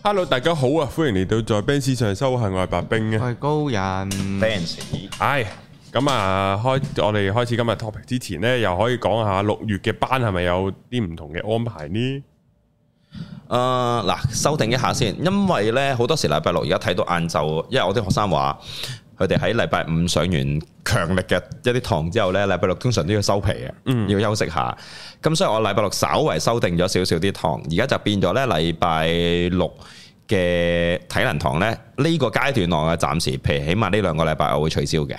Hello，大家好啊！歡迎嚟到在 Benz 上修行，我係白兵嘅。我係高人。Fancy 唉，咁啊，開我哋開始今日 topic 之前呢，又可以講下六月嘅班係咪有啲唔同嘅安排呢？誒、呃，嗱，修訂一下先，因為呢好多時禮拜六而家睇到晏晝，因為我啲學生話。佢哋喺禮拜五上完強力嘅一啲堂之後呢禮拜六通常都要收皮嘅，要休息下。咁所以我禮拜六稍微收定咗少少啲堂，而家就變咗呢，禮拜六嘅體能堂呢呢、呢個階段我暫時，譬如起碼呢兩個禮拜我會取消嘅。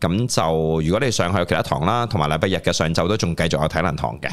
咁就如果你上去其他堂啦，同埋禮拜日嘅上晝都仲繼續有體能堂嘅。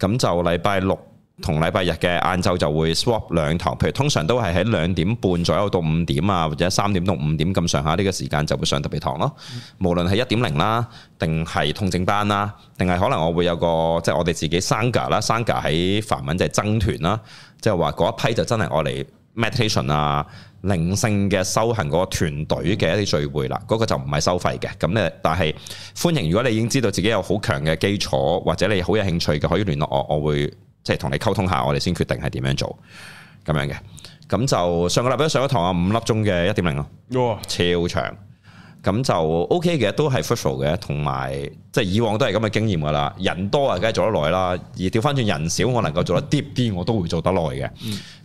咁就禮拜六，同禮拜日嘅晏晝就會 swap 兩堂，譬如通常都係喺兩點半左右到五點啊，或者三點到五點咁上下呢個時間就會上特別堂咯。嗯、無論係一點零啦，定係痛症班啦，定係可能我會有個即係、就是、我哋自己 Sangha 啦，Sangha 喺梵文就係僧團啦，即係話嗰一批就真係我嚟 meditation 啊、靈性嘅修行嗰個團隊嘅一啲聚會啦，嗰、那個就唔係收費嘅。咁咧，但係歡迎如果你已經知道自己有好強嘅基礎，或者你好有興趣嘅，可以聯絡我，我會。即係同你溝通下，我哋先決定係點樣做，咁樣嘅。咁就上個禮拜上咗堂啊，五粒鐘嘅一點零咯，哇，超長。咁就 OK 嘅，都係 fulfill 嘅，同埋即係以往都係咁嘅經驗噶啦。人多啊，梗係做得耐啦。而調翻轉人少，我能夠做得 deep 啲，我都會做得耐嘅。咁、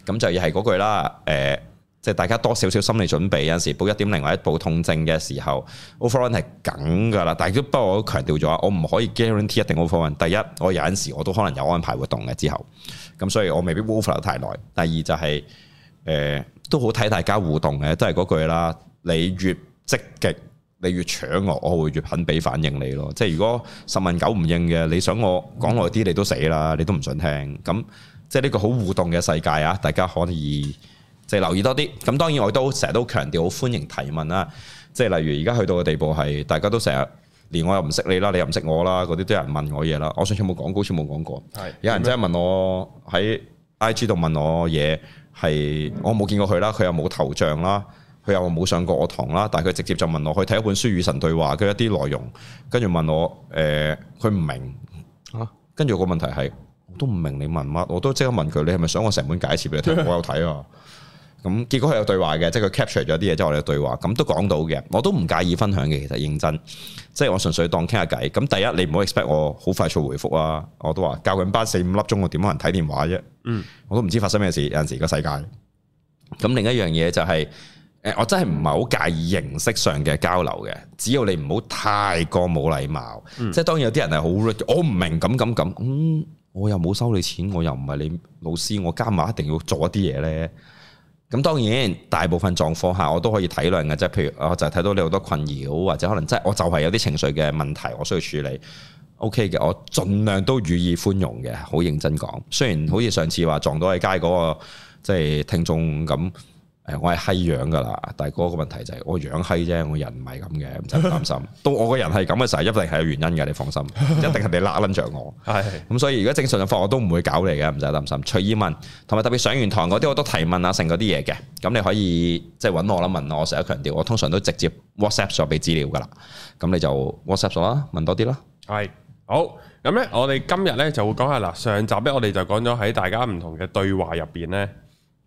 嗯、就又係嗰句啦，誒、呃。即係大家多少少心理準備，有陣時報一點零或者報痛症嘅時候，overrun 係梗噶啦。但係都不過我都強調咗，我唔可以 guarantee 一定 overrun。第一，我有陣時我都可能有安排活動嘅之後，咁所以我未必 overrun 得太耐。第二就係、是、誒、呃，都好睇大家互動嘅，都係嗰句啦。你越積極，你越搶我，我會越肯俾反應你咯。即係如果十問九唔應嘅，你想我講耐啲，你都死啦，你都唔想聽。咁即係呢個好互動嘅世界啊，大家可以。就留意多啲，咁當然我都成日都強調，好歡迎提問啦。即係例如而家去到嘅地步係，大家都成日連我又唔識你啦，你又唔識我啦，嗰啲都有人問我嘢啦。我上次冇講，好似冇講過。係有，是有人真係問我喺 IG 度問我嘢，係我冇見過佢啦，佢又冇頭像啦，佢又冇上過我堂啦，但係佢直接就問我，去睇一本書《與神對話》嘅一啲內容，跟住問我，誒、呃，佢唔明，跟住個問題係，我都唔明你問乜，我都即刻問佢，你係咪想我成本解釋俾你聽？我有睇啊。 咁結果佢有對話嘅，即係佢 capture 咗啲嘢，即係我哋嘅對話，咁都講到嘅，我都唔介意分享嘅。其實認真，即係我純粹當傾下偈。咁第一，你唔好 expect 我好快速回覆啊！我都話教緊班四五粒鐘，我點可能睇電話啫？嗯，我都唔知發生咩事。有陣時個世界咁，另一樣嘢就係誒，我真係唔係好介意形式上嘅交流嘅，只要你唔好太過冇禮貌。即係，嗯，當然有啲人係好，我唔明咁咁咁，我又冇收你錢，我又唔係你老師，我加埋一定要做一啲嘢咧。咁當然，大部分狀況下我都可以體諒嘅啫。即係譬如，我就睇到你好多困擾，或者可能即係我就係有啲情緒嘅問題，我需要處理。OK 嘅，我盡量都予以寬容嘅，好認真講。雖然好似上次話撞到喺街嗰個即係聽眾咁。我係閪樣噶啦，但係嗰個問題就係我樣閪啫，我人唔係咁嘅，唔使擔心。 到我個人係咁嘅時候，一定係有原因嘅，你放心， 一定係你拉拎着我。係咁，所以而家正常嘅課我都唔會搞你嘅，唔使擔心。隨意問，同埋特別上完堂嗰啲，我都提問啊，成嗰啲嘢嘅，咁你可以即係揾我啦，問我。我成日強調，我通常都直接 WhatsApp 咗俾資料噶啦，咁你就 WhatsApp 咗啦，問多啲啦。係，好，咁咧，我哋今日咧就會講下嗱，上集咧我哋就講咗喺大家唔同嘅對話入邊咧。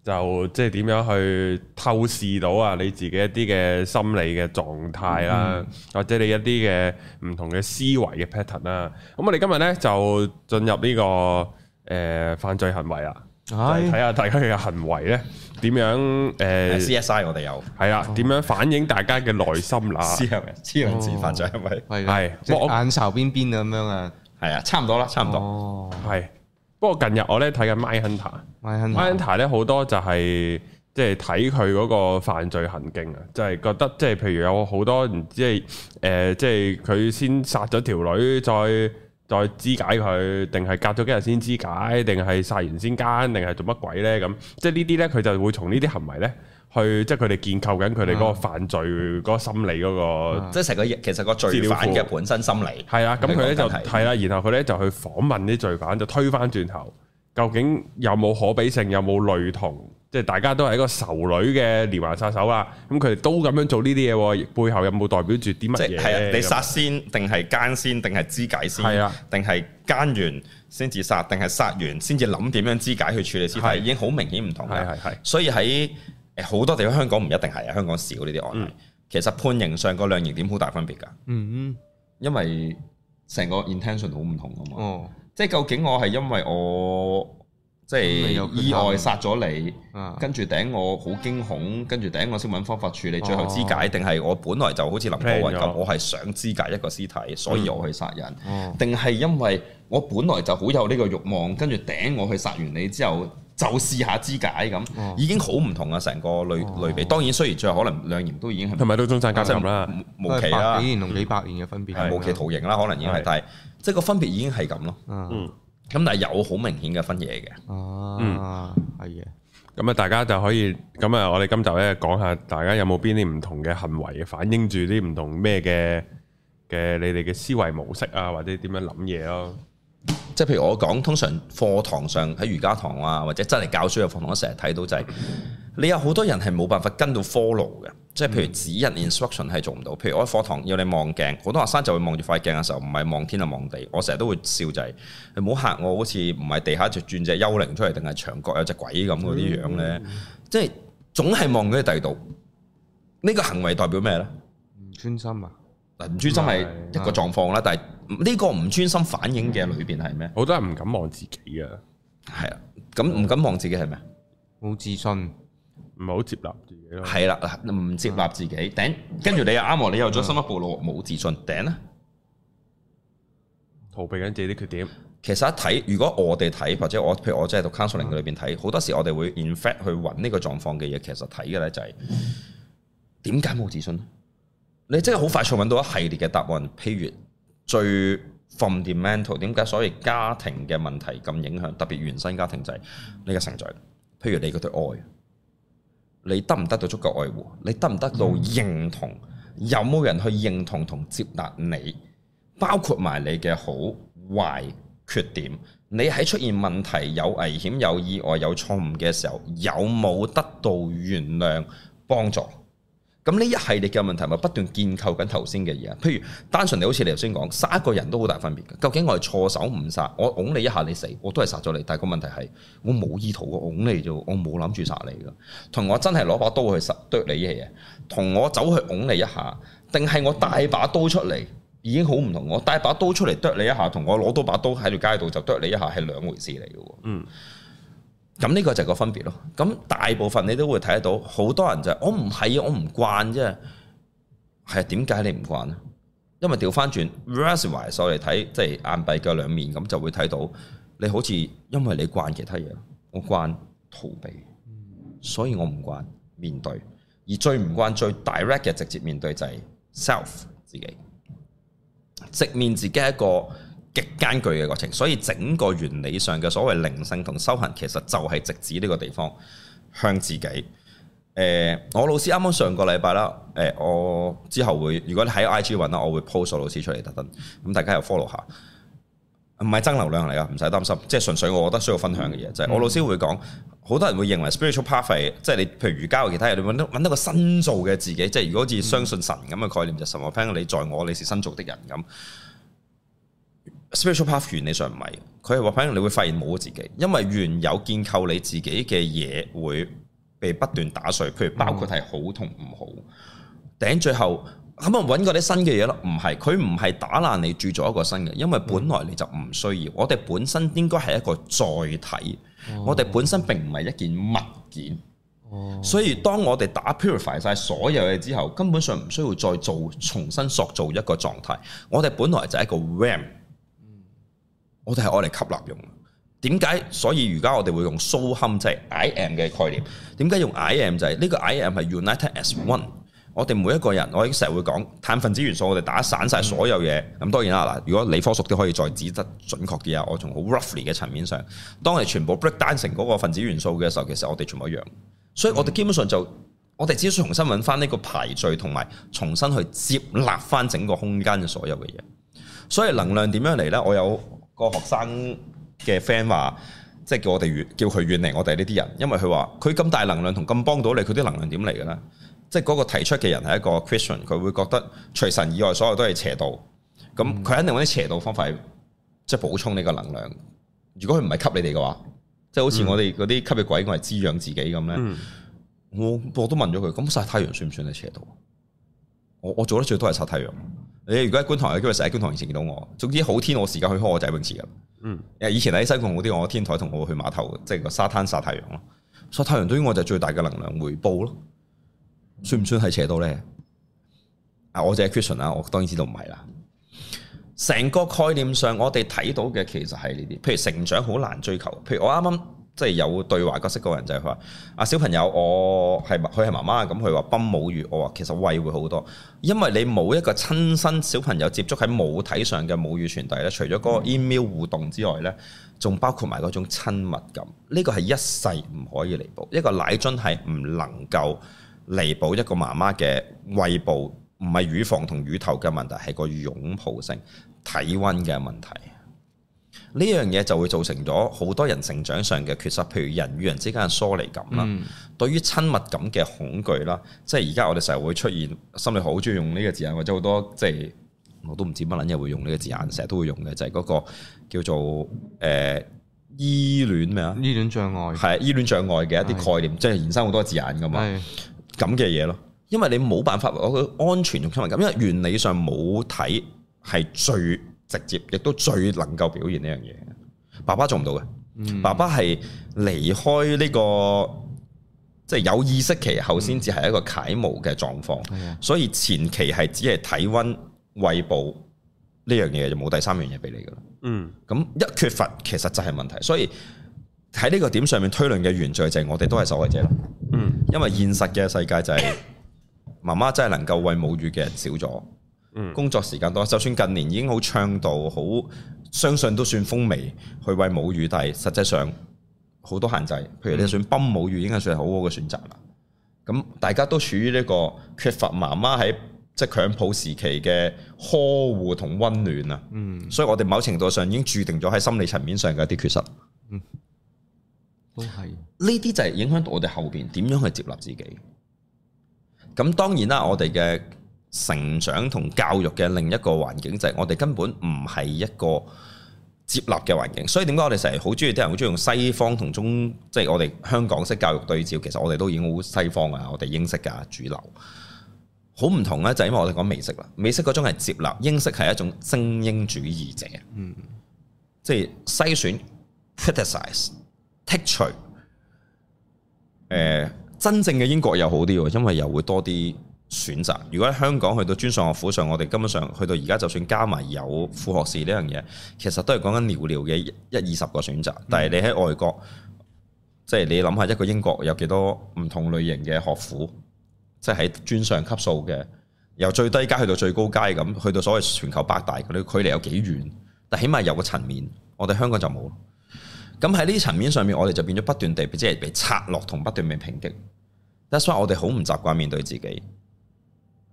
就即係點樣去透視到啊你自己一啲嘅心理嘅狀態啦、啊，嗯、或者你一啲嘅唔同嘅思維嘅 pattern 啦、啊。咁我哋今日咧就進入呢、這個誒、呃、犯罪行為啊，睇下大家嘅行為咧點樣誒。C S I 我哋有，係啊，點樣反映大家嘅內心嗱、啊？黐線嘅，黐線犯罪仲係咪？係、哦，的嗯、即係眼愁邊邊咁樣啊？係啊，差唔多啦，差唔多。係、哦。不過近日我咧睇緊 Mindhunter，Mindhunter 咧好多就係即係睇佢嗰個犯罪行徑啊，就係、是、覺得即係、就是、譬如有好多唔知係誒，即係佢先殺咗條女，再再肢解佢，定係隔咗幾日先肢解，定係殺完先奸，定係做乜鬼咧咁？即係、就是、呢啲咧佢就會從呢啲行為咧。去即係佢哋建構緊佢哋嗰個犯罪嗰心理嗰個，即係成個其實個罪犯嘅本身心理。係啊，咁佢咧就係啦，然後佢咧就去訪問啲罪犯，就推返轉頭，究竟有冇可比性，有冇類同？即係大家都係一個仇女嘅連環殺手啊。咁佢哋都咁樣做呢啲嘢，背後有冇代表住啲乜嘢？係啊，你殺先定係奸先，定係肢解先？係啊，定係奸完先至殺，定係殺完先至諗點樣肢解去處理屍體？已經好明顯唔同嘅。係係係。所以喺好多地方香港唔一定係啊，香港少呢啲案例。嗯、其實判刑上個量刑點好大分別㗎。嗯嗯，因為成個 intention 好唔同啊嘛。哦，即係究竟我係因為我即係意外殺咗你，啊、跟住頂我好驚恐，跟住頂我先揾方法處理最後肢解，定係、哦、我本來就好似林過雲咁，聽了 我係想肢解一個屍體，所以我去殺人，定係、嗯哦、因為我本來就好有呢個慾望，跟住頂我去殺完你之後？就試下肢解咁，已經好唔同啊！成個類類比，當然雖然最後可能兩年都已經係同埋都中曬價值啦，無期啦、啊，幾年同幾百年嘅分別係、啊嗯、無期徒刑啦、啊，可能已經係，嗯、但係即係個分別已經係咁咯。嗯，咁但係有好明顯嘅分野嘅。哦、啊，嗯，係嘅的。咁啊，大家就可以咁啊，我哋今集咧講下，大家有冇邊啲唔同嘅行為反映住啲唔同咩嘅嘅你哋嘅思維模式啊，或者點樣諗嘢咯？即係譬如我講，通常課堂上喺瑜伽堂啊，或者真係教書嘅課堂，我成日睇到就係、是、你有好多人係冇辦法跟到 follow 嘅。即係譬如指引 instruction 係做唔到。譬如我喺課堂要你望鏡，好多學生就會望住塊鏡嘅時候，唔係望天呀望地。我成日都會笑就係你唔好嚇我，好似唔係地下就轉隻幽靈出嚟，定係牆角有隻鬼咁嗰啲樣咧。嗯嗯嗯，即係總係望佢第度，呢、這個行為代表咩咧？唔專心啊！唔專心係一個狀況啦，是但係呢個唔專心反映嘅裏邊係咩？好多人唔敢望自己啊，係啊，咁唔敢望自己係咩？冇自信，唔好接納自己咯。係啦、啊，唔接納自己頂，啊、then, 跟住你又啱喎，你又咗深一步咯，冇自信頂啦，逃避緊自己啲缺點。其實一睇，如果我哋睇，或者我譬如我即係讀 counseling 嘅裏邊睇，好、啊、多時我哋會 in fact 去揾呢個狀況嘅嘢。其實睇嘅咧就係點解冇自信呢。你真係好快速揾到一系列嘅答案，譬如最 fundamental，點解所謂家庭嘅問題咁影響，特別原生家庭就係你嘅成長？譬如你嗰對愛，你得唔得到足夠愛護？你得唔得到認同？有冇人去認同同接納你？包括埋你嘅好壞缺點，你喺出現問題、有危險、有意外、有錯誤嘅時候，有冇得到原諒幫助？咁呢一系列嘅問題咪不斷建構緊頭先嘅嘢，譬如單純你好似你頭先講殺一個人都好大分別嘅，究竟我係錯手誤殺，我擁你一下你死，我都係殺咗你，但係個問題係我冇意圖，我擁你啫，我冇諗住殺你㗎，同我真係攞把刀去殺剁你嘅嘢，同我走去擁你一下，定係我帶把刀出嚟已經好唔同，我帶把刀出嚟剁你一下，同我攞到把刀喺條街度就剁你一下係兩回事嚟嘅喎。嗯。咁呢個就係個分別咯。咁大部分你都會睇得到，好多人就係我唔係我唔慣啫。係啊，點解你唔慣咧？因為調翻轉 reverse 回過嚟睇，即係硬幣嘅兩面，咁就會睇到你好似因為你慣其他嘢，我慣逃避，所以我唔慣面對。而最唔慣最 direct 嘅直接面對就係 self 自己直面自己一個極艱巨嘅過程，所以整個原理上嘅所謂靈性同修行，其實就係直指呢個地方，向自己。誒、呃，我老師啱啱上個禮拜啦，誒、呃，我之後會，如果你喺 I G 揾啦，我會 post 我老師出嚟特登，咁大家又 follow 下。唔係爭流量嚟㗎，唔使擔心，即係純粹我覺得需要分享嘅嘢，嗯、就係我老師會講，好多人會認為 spiritual path 係即係你，譬如瑜伽或其他嘢，你揾到揾個新造嘅自己，即、就、係、是、如果好似相信神咁嘅概念，就是、神話講你在我，你是新造的人咁。spiritual path 原理上唔係，佢係話反而你會發現冇咗自己，因為原有建構你自己嘅嘢會被不斷打碎，譬如包括係好同唔好，頂、嗯、最後咁啊，揾嗰啲新嘅嘢咯。唔係，佢唔係打爛你，注咗一個新嘅，因為本來你就唔需要。我哋本身應該係一個載體，嗯、我哋本身並唔係一件物件。嗯、所以當我哋打 purify 晒所有嘢之後，根本上唔需要再做重新塑造一個狀態，我哋本來就係一個 RAM。我哋係愛嚟吸納用，點解？所以而家我哋會用 SOHUM，即係 I M 嘅概念，點解用 I M 就係呢個 I M 係 United as one。我哋每一個人，我成日會講碳分子元素，我哋打散晒所有嘢。咁當然啦，嗱，如果理科熟啲，可以再指得準確啲啊。我從好 roughly 嘅層面上，當我全部 break down 成嗰個分子元素嘅時候，其實我哋全部一樣。所以我哋基本上就，我哋只需要重新揾翻呢個排序，同埋重新去接納翻整個空間嘅所有嘅嘢。所以能量點樣嚟呢？我有。個學生嘅 friend 話，即係叫我哋遠，叫佢遠離我哋呢啲人，因為佢話佢咁大能量同咁幫到你，佢啲能量點嚟嘅咧即係嗰個提出嘅人係一個 Christian，佢會覺得除神以外所有都係邪道，咁佢肯定揾啲邪道方法，即係補充你個能量。如果佢唔係吸你哋嘅話，即係好似我哋嗰啲吸血鬼，我係滋養自己咁咧。嗯，我我都問咗佢，咁曬太陽算唔算係邪道？我我做得最多係曬太陽。你如果喺觀塘，又叫佢成日喺觀塘泳池見到我。總之好天我間，我時間去開我仔泳池嘅。嗯，誒以前喺西貢好啲，我天台同我去碼頭，即係個沙灘曬太陽咯。所以太陽對於我就最大嘅能量回報咯。算唔算係邪道咧？啊，我就 Christian 啦，我當然知道唔係啦。成個概念上，我哋睇到嘅其實係呢啲，譬如成長好難追求，譬如我啱啱。即係有對話角色嘅人就係佢話：阿小朋友，我係佢係媽媽，咁佢話：泵母乳，我話其實餵會好多，因為你冇一個親身小朋友接觸喺母體上嘅母乳傳遞咧，除咗嗰個 email 互動之外咧，仲包括埋嗰種親密感。呢個係一世唔可以彌補，一個奶樽係唔能夠彌補一個媽媽嘅餵哺，唔係乳房同乳頭嘅問題，係個擁抱性、體温嘅問題。呢樣嘢就會造成咗好多人成長上嘅缺失，譬如人與人之間嘅疏離感啦，嗯、對於親密感嘅恐懼啦，即係而家我哋成日會出現，心理好中意用呢個字眼，或者好多即係、就是、我都唔知乜捻嘢會用呢個字眼，成日都會用嘅，就係、是、嗰個叫做誒依戀咩啊？依、呃、戀障礙係依戀障礙嘅一啲概念，是即係延伸好多字眼噶嘛，咁嘅嘢咯。因為你冇辦法獲得安全同親密感，因為原理上冇睇，係最直接亦都最能夠表現呢樣嘢，爸爸做唔到嘅。嗯、爸爸係離開呢、這個即係、就是、有意識期後先至係一個啟蒙嘅狀況，嗯、所以前期係只係體温、餵哺呢樣嘢就冇第三樣嘢俾你㗎喇。嗯，咁一缺乏其實就係問題，所以喺呢個點上面推論嘅原罪就係我哋都係受害者咯。嗯，因為現實嘅世界就係、是嗯、媽媽真係能夠餵母乳嘅人少咗。工作時間多，就算近年已經好倡導，好相信都算風靡去餵母乳，但係實際上好多限制。譬如你算泵母乳，已經算係好好嘅選擇啦。咁、嗯、大家都處於呢個缺乏媽媽喺即係襁褓時期嘅呵護同温暖啊。嗯，所以我哋某程度上已經註定咗喺心理層面上嘅一啲缺失。嗯，都係呢啲就係影響到我哋後邊點樣去接納自己。咁當然啦，我哋嘅。成長同教育嘅另一個環境就係我哋根本唔係一個接納嘅環境，所以點解我哋成日好中意啲人好中意用西方同中，即係我哋香港式教育對照，其實我哋都已經好西方啊，我哋英式㗎主流，好唔同咧，就係因為我哋講美式啦，美式嗰種係接納，英式係一種精英主義者，嗯、即係篩選、criticise、剔除，誒、呃，真正嘅英國又好啲喎，因為又會多啲選擇，如果喺香港去到專上學府上，我哋根本上去到而家，就算加埋有副學士呢樣嘢，其實都係講緊寥寥嘅一二十個選擇。但係你喺外國，即係你諗下一個英國有幾多唔同類型嘅學府，即係喺專上級數嘅，由最低階去到最高階咁，去到所謂全球八大嗰啲距離有幾遠？但起碼有個層面，我哋香港就冇。咁喺呢層面上面，我哋就變咗不斷地即係被拆落同不斷被抨擊。That's why 我哋好唔習慣面對自己。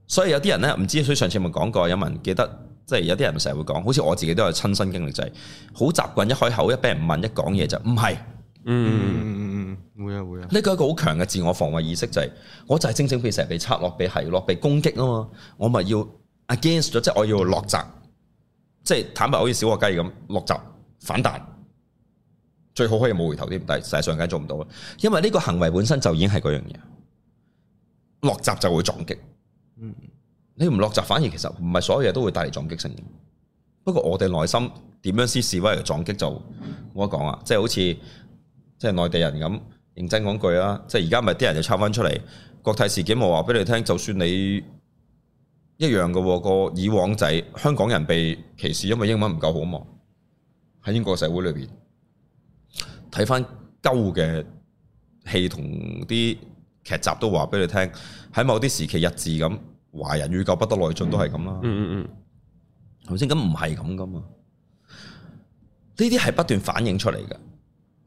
所以有啲人咧唔知，所以上次咪講過，有冇人記得？即係有啲人成日會講，好似我自己都有親身經歷，就係好習慣一開口一俾人問一講嘢就唔係，嗯嗯嗯嗯嗯，會啊會啊，呢個一個好強嘅自我防衞意識，就係我就係正正變成被拆落、被係落、被攻擊啊嘛，我咪要 against 咗，即係我要落閘，即係坦白好似小學雞咁落閘反彈，最好可以冇回頭添，但係實際上梗係做唔到，因為呢個行為本身就已經係嗰樣嘢，落閘就會撞擊。嗯、你唔落閘，反而其實唔係所有嘢都會帶嚟撞擊性嘅。不過我哋內心點樣先示威嚟撞擊，就冇得講啊，即係好似即係內地人咁認真講句啊，即係而家咪啲人就抽翻出嚟國泰事件，我話俾你聽，就算你一樣嘅個以往就係香港人被歧視，因為英文唔夠好嘛，喺英國社會裏邊睇翻舊嘅戲同啲看看劇集都話俾你聽，喺某啲時期日誌咁，華人欲救不得內進都係咁啦。頭先咁唔係咁噶嘛？呢啲係不斷反映出嚟嘅，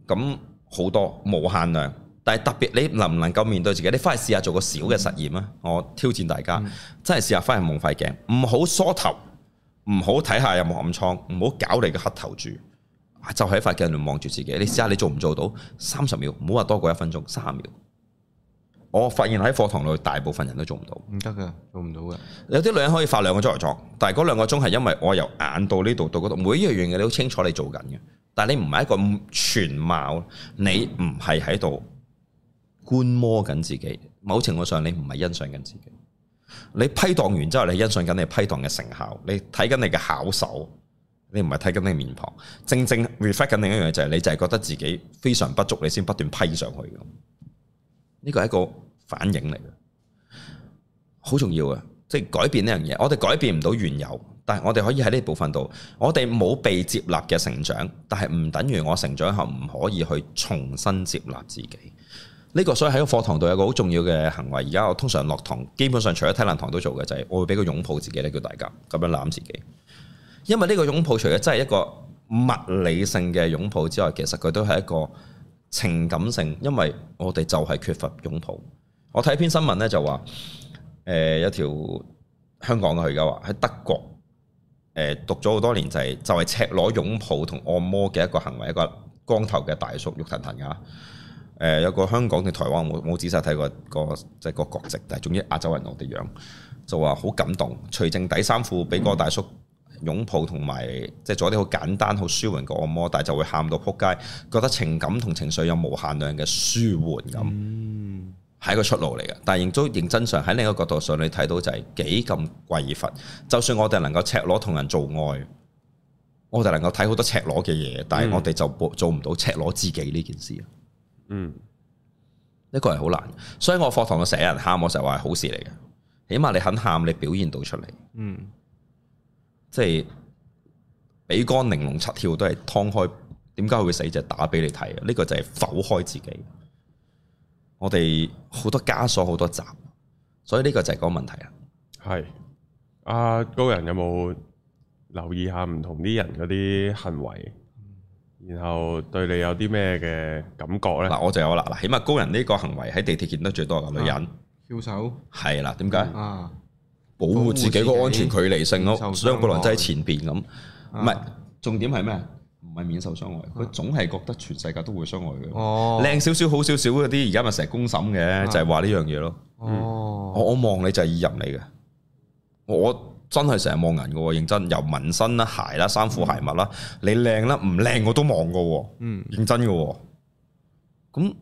咁好多無限量。但係特別你能唔能夠面對自己？你翻去試下做個小嘅實驗啊！嗯、我挑戰大家真係試下翻去望塊鏡，唔好梳頭，唔好睇下有冇暗瘡，唔好搞你個黑頭住，就喺、是、塊鏡嚟望住自己。你試下你做唔做到三十秒？唔好話多過一分鐘，三十秒。我發現喺課堂內大部分人都做唔到，唔得㗎，做唔到嘅。有啲女人可以發兩個鐘嚟作，但係嗰兩個鐘係因為我由眼到呢度到嗰度，每一樣嘢你都清楚你做緊嘅。但係你唔係一個全貌，你唔係喺度觀摩緊自己。某程度上，你唔係欣賞緊自己。你批蕩完之後，你欣賞緊你批蕩嘅成效，你睇緊你嘅巧手，你唔係睇緊你嘅面龐。正正 reflect 緊另一樣嘢就係，你就係覺得自己非常不足，你先不斷批上去嘅。呢個係一個反應嚟嘅，好重要啊！即係改變呢樣嘢，我哋改變唔到原有，但係我哋可以喺呢部分度，我哋冇被接納嘅成長，但係唔等於我成長後唔可以去重新接納自己。呢個所以喺個課堂度有個好重要嘅行為。而家我通常落堂，基本上除咗體能堂都做嘅就係，我會俾個擁抱自己咧，叫大家咁樣攬自己。因為呢個擁抱除咗真係一個物理性嘅擁抱之外，其實佢都係一個。情感性，因為我哋就係缺乏擁抱。我睇一篇新聞咧，就話誒一條香港嘅佢而家話喺德國誒、呃、讀咗好多年，就係就係赤裸擁抱同按摩嘅一個行為，一個光頭嘅大叔鬱騰騰嘅嚇、呃。有個香港嘅台灣，我冇仔細睇過、那個即係、就係、個國籍，但係總之亞洲人我哋樣，就話好感動，除淨底衫褲俾個大叔、嗯。擁抱同埋即係做一啲好簡單、好舒緩嘅按摩，但係就會喊到撲街，覺得情感同情緒有無限量嘅舒緩感，係、嗯、一個出路嚟嘅。但係認真認真上喺另一個角度上，你睇到就係幾咁匱乏。就算我哋能夠赤裸同人做愛，我哋能夠睇好多赤裸嘅嘢，但係我哋就做唔到赤裸自己呢件事。嗯，呢個係好難，所以我課堂嘅成日人喊，我成日話係好事嚟嘅。起碼你肯喊，你表現到出嚟。嗯。即係比干玲瓏七竅都係劏開，點解會死就是、打畀你睇？呢、這個就係否開自己。我哋好多枷鎖，好多閘，所以呢個就係個問題啦。係阿、啊、高人有冇留意下唔同啲人嗰啲行為，然後對你有啲咩嘅感覺咧？嗱、啊，我就有啦。嗱，起碼高人呢個行為喺地鐵見得最多嘅女人翹、啊、手係啦，點解？保護自己個安全距離性咯，傷過輪仔喺前邊咁，唔係重點係咩？唔係免受傷害，佢總係覺得全世界都會傷害佢。哦、啊，靚少少好少少嗰啲，而家咪成日公審嘅，啊、就係話呢樣嘢咯。哦、啊嗯，我望你就係意淫嚟嘅，我真係成日望人嘅喎，認真由紋身啦、鞋啦、衫褲鞋襪啦，你靚啦唔靚我都望過喎，嗯，認真嘅喎。咁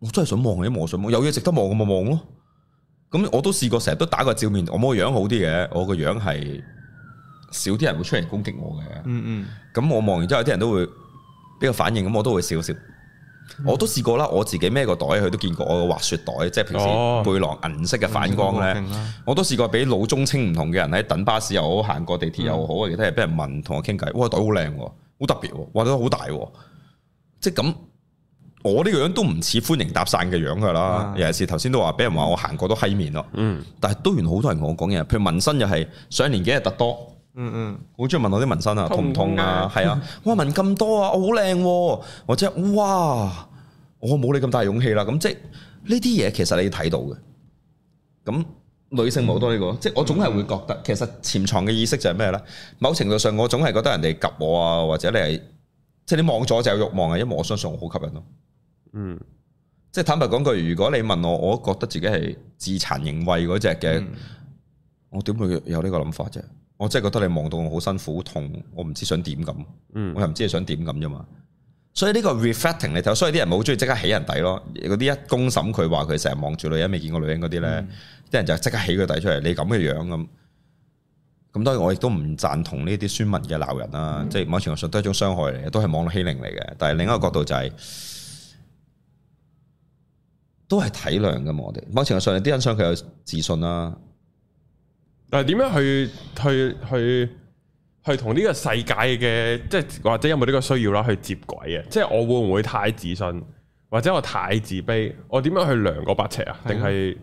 我真係想望你，望想望，有嘢值得望咁咪望咯。咁我都試過，成日都打個照面。我冇個樣好啲嘅，我個樣係少啲人會出嚟攻擊我嘅。嗯嗯。咁我望完之後，有啲人都會俾個反應。咁我都會少少。嗯、我都試過啦，我自己孭個袋，佢都見過我個滑雪袋，即係平時背囊銀色嘅反光咧。哦嗯嗯、我都試過俾老中青唔同嘅人喺等巴士又好，行過地鐵又好，其他人俾人問同我傾偈、嗯。哇，袋好靚，好特別，哇都好大，即係咁。我呢個樣都唔似歡迎搭訕嘅樣噶啦，啊、尤其是頭先都話俾人話我行過都黑面咯、嗯嗯。嗯，但係都原來好多人同我講嘢，譬如紋身又係上年幾日特多，嗯嗯，好中意問我啲紋身啊，痛唔痛啊？係啊， 啊，哇紋咁多啊，我好靚、啊，或者哇，我冇你咁大勇氣啦。咁即係呢啲嘢其實你睇到嘅，咁女性冇多呢、這個，嗯、即係我總係會覺得，其實潛藏嘅意識就係咩咧？某程度上我總係覺得人哋及我啊，或者你係即係你望咗就有欲望啊，因為我相信我好吸引咯。嗯，即係坦白講句，如果你問我，我覺得自己係自殘行為嗰隻嘅，嗯、我點會有個呢個諗法啫？我真係覺得你望到我好辛苦、好痛，我唔知想點咁，嗯、我又唔知你想點咁啫嘛。所以呢個 reflecting 你睇，所以啲人冇好中意即刻起人底咯。嗰啲一公審佢話佢成日望住女人未見過女人嗰啲咧，啲、嗯、人就即刻起佢底出嚟，你咁嘅樣咁，咁當然我亦都唔贊同呢啲書文嘅鬧人啦，即係某程度上都係一種傷害嚟，嘅，都係網絡欺凌嚟嘅。但係另一個角度就係、是。都係體諒噶嘛，我哋某程度上啲人想佢有自信啦，啊。但係點樣去去去去同呢個世界嘅，即係或者有冇呢個需要啦去接軌啊？即係我會唔會太自信，或者我太自卑？我點樣去量嗰八尺啊？定係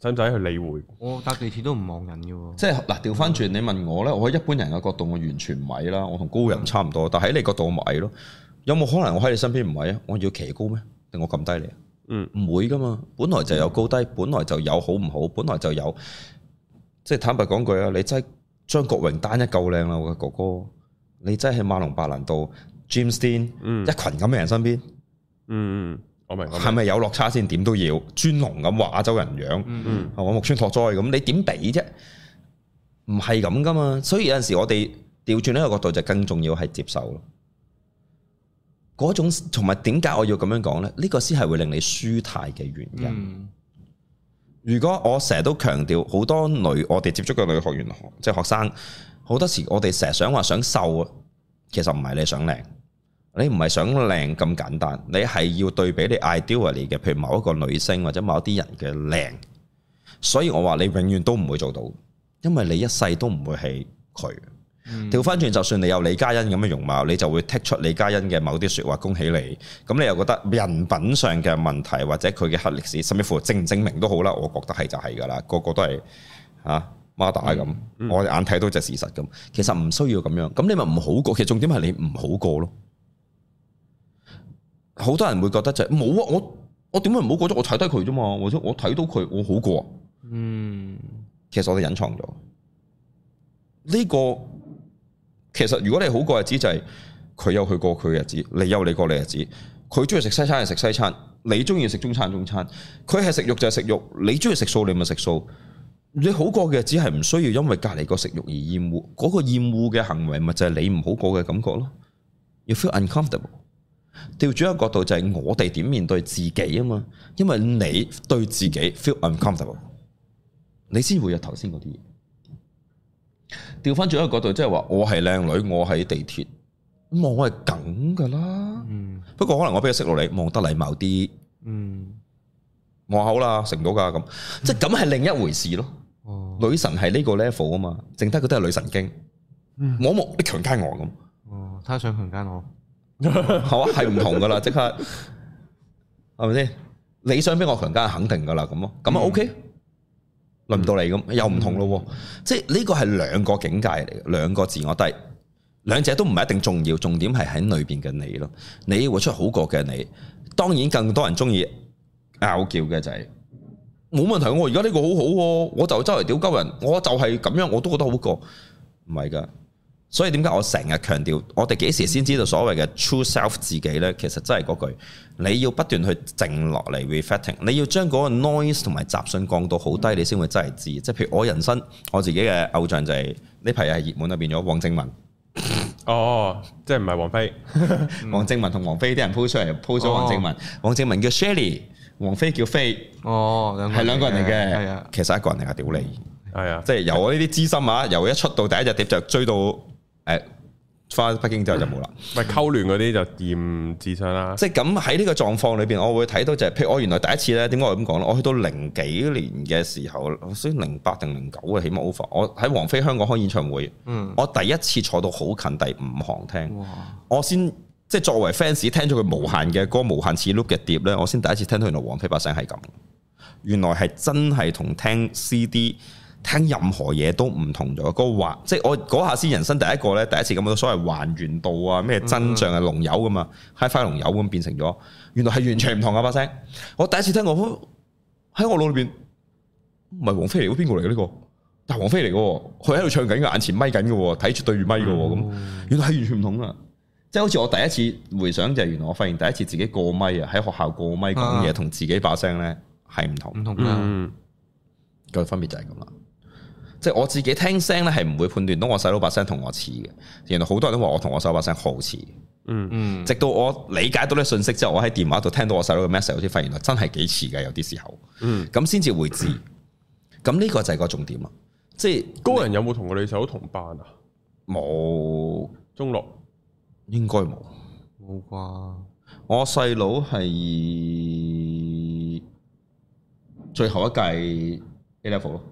使唔使去理會？我搭地鐵都唔望人噶喎，啊。即係嗱，調翻轉你問我咧，我喺一般人嘅角度我完全唔矮啦，我同高人差唔多。嗯、但喺你角度我咪矮咯？有冇可能我喺你身邊唔矮啊？我要騎高咩？定我撳低你啊？嗯，唔會噶嘛，本來就有高低，嗯、本來就有好唔好，本來就有。即係坦白講句啊，你真係張國榮單一夠靚啦，我嘅哥哥。你真係喺馬龍白蘭度、James Dean，嗯，一群咁嘅人身邊，嗯嗯，我明白。係咪有落差先？點都要尊龍咁話亞洲人樣，嗯嗯，係嘛，木村拓哉咁，你點比啫？唔係咁噶嘛，所以有陣時我哋調轉呢個角度就更重要係接受咯。嗰種同埋點解我要咁樣講呢？呢、呢個先係會令你舒泰嘅原因。嗯、如果我成日都強調，好多女我哋接觸嘅女學員，學即係學生，好多時我哋成日想話想瘦，其實唔係你想靚，你唔係想靚咁簡單，你係要對比你 ideal 嚟嘅，譬如某一個女星或者某啲人嘅靚。所以我話你永遠都唔會做到，因為你一世都唔會係佢。掉返轉，就算你有李嘉欣咁嘅容貌，你就會剔出李嘉欣嘅某啲說話，恭喜你。咁你又覺得人品上嘅問題，或者佢嘅黑歷史，甚至乎證唔證明都好啦，我覺得係就係噶啦，個個都係吓媽打咁，嗯嗯、我眼睇到就事實咁。其實唔需要咁樣。咁你咪唔好過，其實重點係你唔好過咯。好多人會覺得就冇、是、啊，我我點解唔好過咗？我睇低佢啫嘛，或者我睇到佢，我好過。嗯，其實我哋隱藏咗呢、這個。其實如果你好過日子就係佢有去過佢嘅日子，你有你過你日子。佢中意食西餐就食西餐，你中意食中餐就中餐。佢係食肉就係食肉，你中意食素你咪食素。你好過嘅日子係唔需要因為隔籬個食肉而厭惡嗰個厭惡嘅行為，咪就係你唔好過嘅感覺咯。要 feel uncomfortable。調轉一個角度就係我哋點面對自己啊嘛，因為你對自己 feel uncomfortable，你先會有頭先嗰啲。調翻轉一個角度，即係話我係靚女，我喺地鐵，望，我係咁噶啦。不過可能我比較識落你，望得禮貌啲。嗯，我話好啦，食唔到噶咁，即係咁係另一回事咯。女神係呢個 level 啊嘛，剩低佢都係女神經。嗯，我望你強姦我咁。哦，他想強姦我，好啊，係唔同噶啦，即刻係咪先？你想俾我強姦，肯定噶啦，咁咯，咁啊 OK。輪到你咁，又唔同咯，即係呢個係兩個境界嚟，兩個自我低。兩者都唔係一定重要，重點係喺裏邊嘅你咯，你活出好過嘅你，當然更多人中意拗叫嘅就係、是、冇問題、啊，我而家呢個好好、啊，我就周圍屌鳩人，我就係咁樣，我都覺得好過，唔係噶。所以點解我成日強調，我哋幾時先知道所謂嘅 true self 自己咧？其實真係嗰句，你要不斷去靜落嚟 reflecting，你要將嗰個 noise 同埋雜訊降到好低，你先會真係知。即係譬如我人生我自己嘅偶像就係呢排係熱門入變咗王靖雯。哦，即係唔係王菲？王靖雯同王菲啲人 po 出嚟 po 咗王靖雯。哦、王靖雯叫 Shirley，王菲叫菲。哦，係兩個人嚟嘅，其實一個人嚟噶屌你。係啊的，即係由我呢啲資深啊，由一出到第一隻碟就追到。誒，返北京之後就冇啦。咪勾聯嗰啲就驗智商啦。即係咁喺呢個狀況裏邊，我會睇到就係、是，譬如我原來第一次咧，點解我咁講咯？我去到零幾年嘅時候，所以零八定零九啊，起碼 offer。我喺王菲香港開演唱會，嗯、我第一次坐到好近第五行聽，哇我先即係作為 fans 聽咗佢無限嘅歌，無限次碌嘅碟咧，我先第一次聽到原來王菲把聲係咁，原來係真係同聽 CD。聽任何嘢都唔同咗，嗰個話即係我嗰下先人生第一個咧，第一次咁樣所謂還原度啊，咩真相嘅龍友噶嘛 Hi-Fi 龍友咁變成咗，原來係完全唔同啊把聲。我第一次聽過我喺我腦裏邊唔係王菲嚟，邊個嚟嘅呢個？但係王菲嚟嘅，佢喺度唱緊嘅，眼前咪緊嘅，睇住對住咪嘅咁，原來係完全唔同啊！即係好似我第一次回想就係、是，原來我發現第一次自己過咪啊，喺學校過咪講嘢，同、啊、自己把聲咧係唔同，唔同嘅，個、嗯、分別就係咁啦。即我自己聽聲咧，係唔會判斷到我細佬把聲同我似嘅。原來好多人都話我同我細佬把聲好似嗯，嗯嗯。直到我理解到呢信息之後，我喺電話度聽到我細佬嘅 message，先發現原來真係幾似嘅。有啲時候，嗯，咁先至會知。咁呢 個就係個重點啦。即係高人有冇同我哋細佬同班啊？冇沒，中六應該冇，冇啩吧？我細佬係最後一屆 A-level 咯。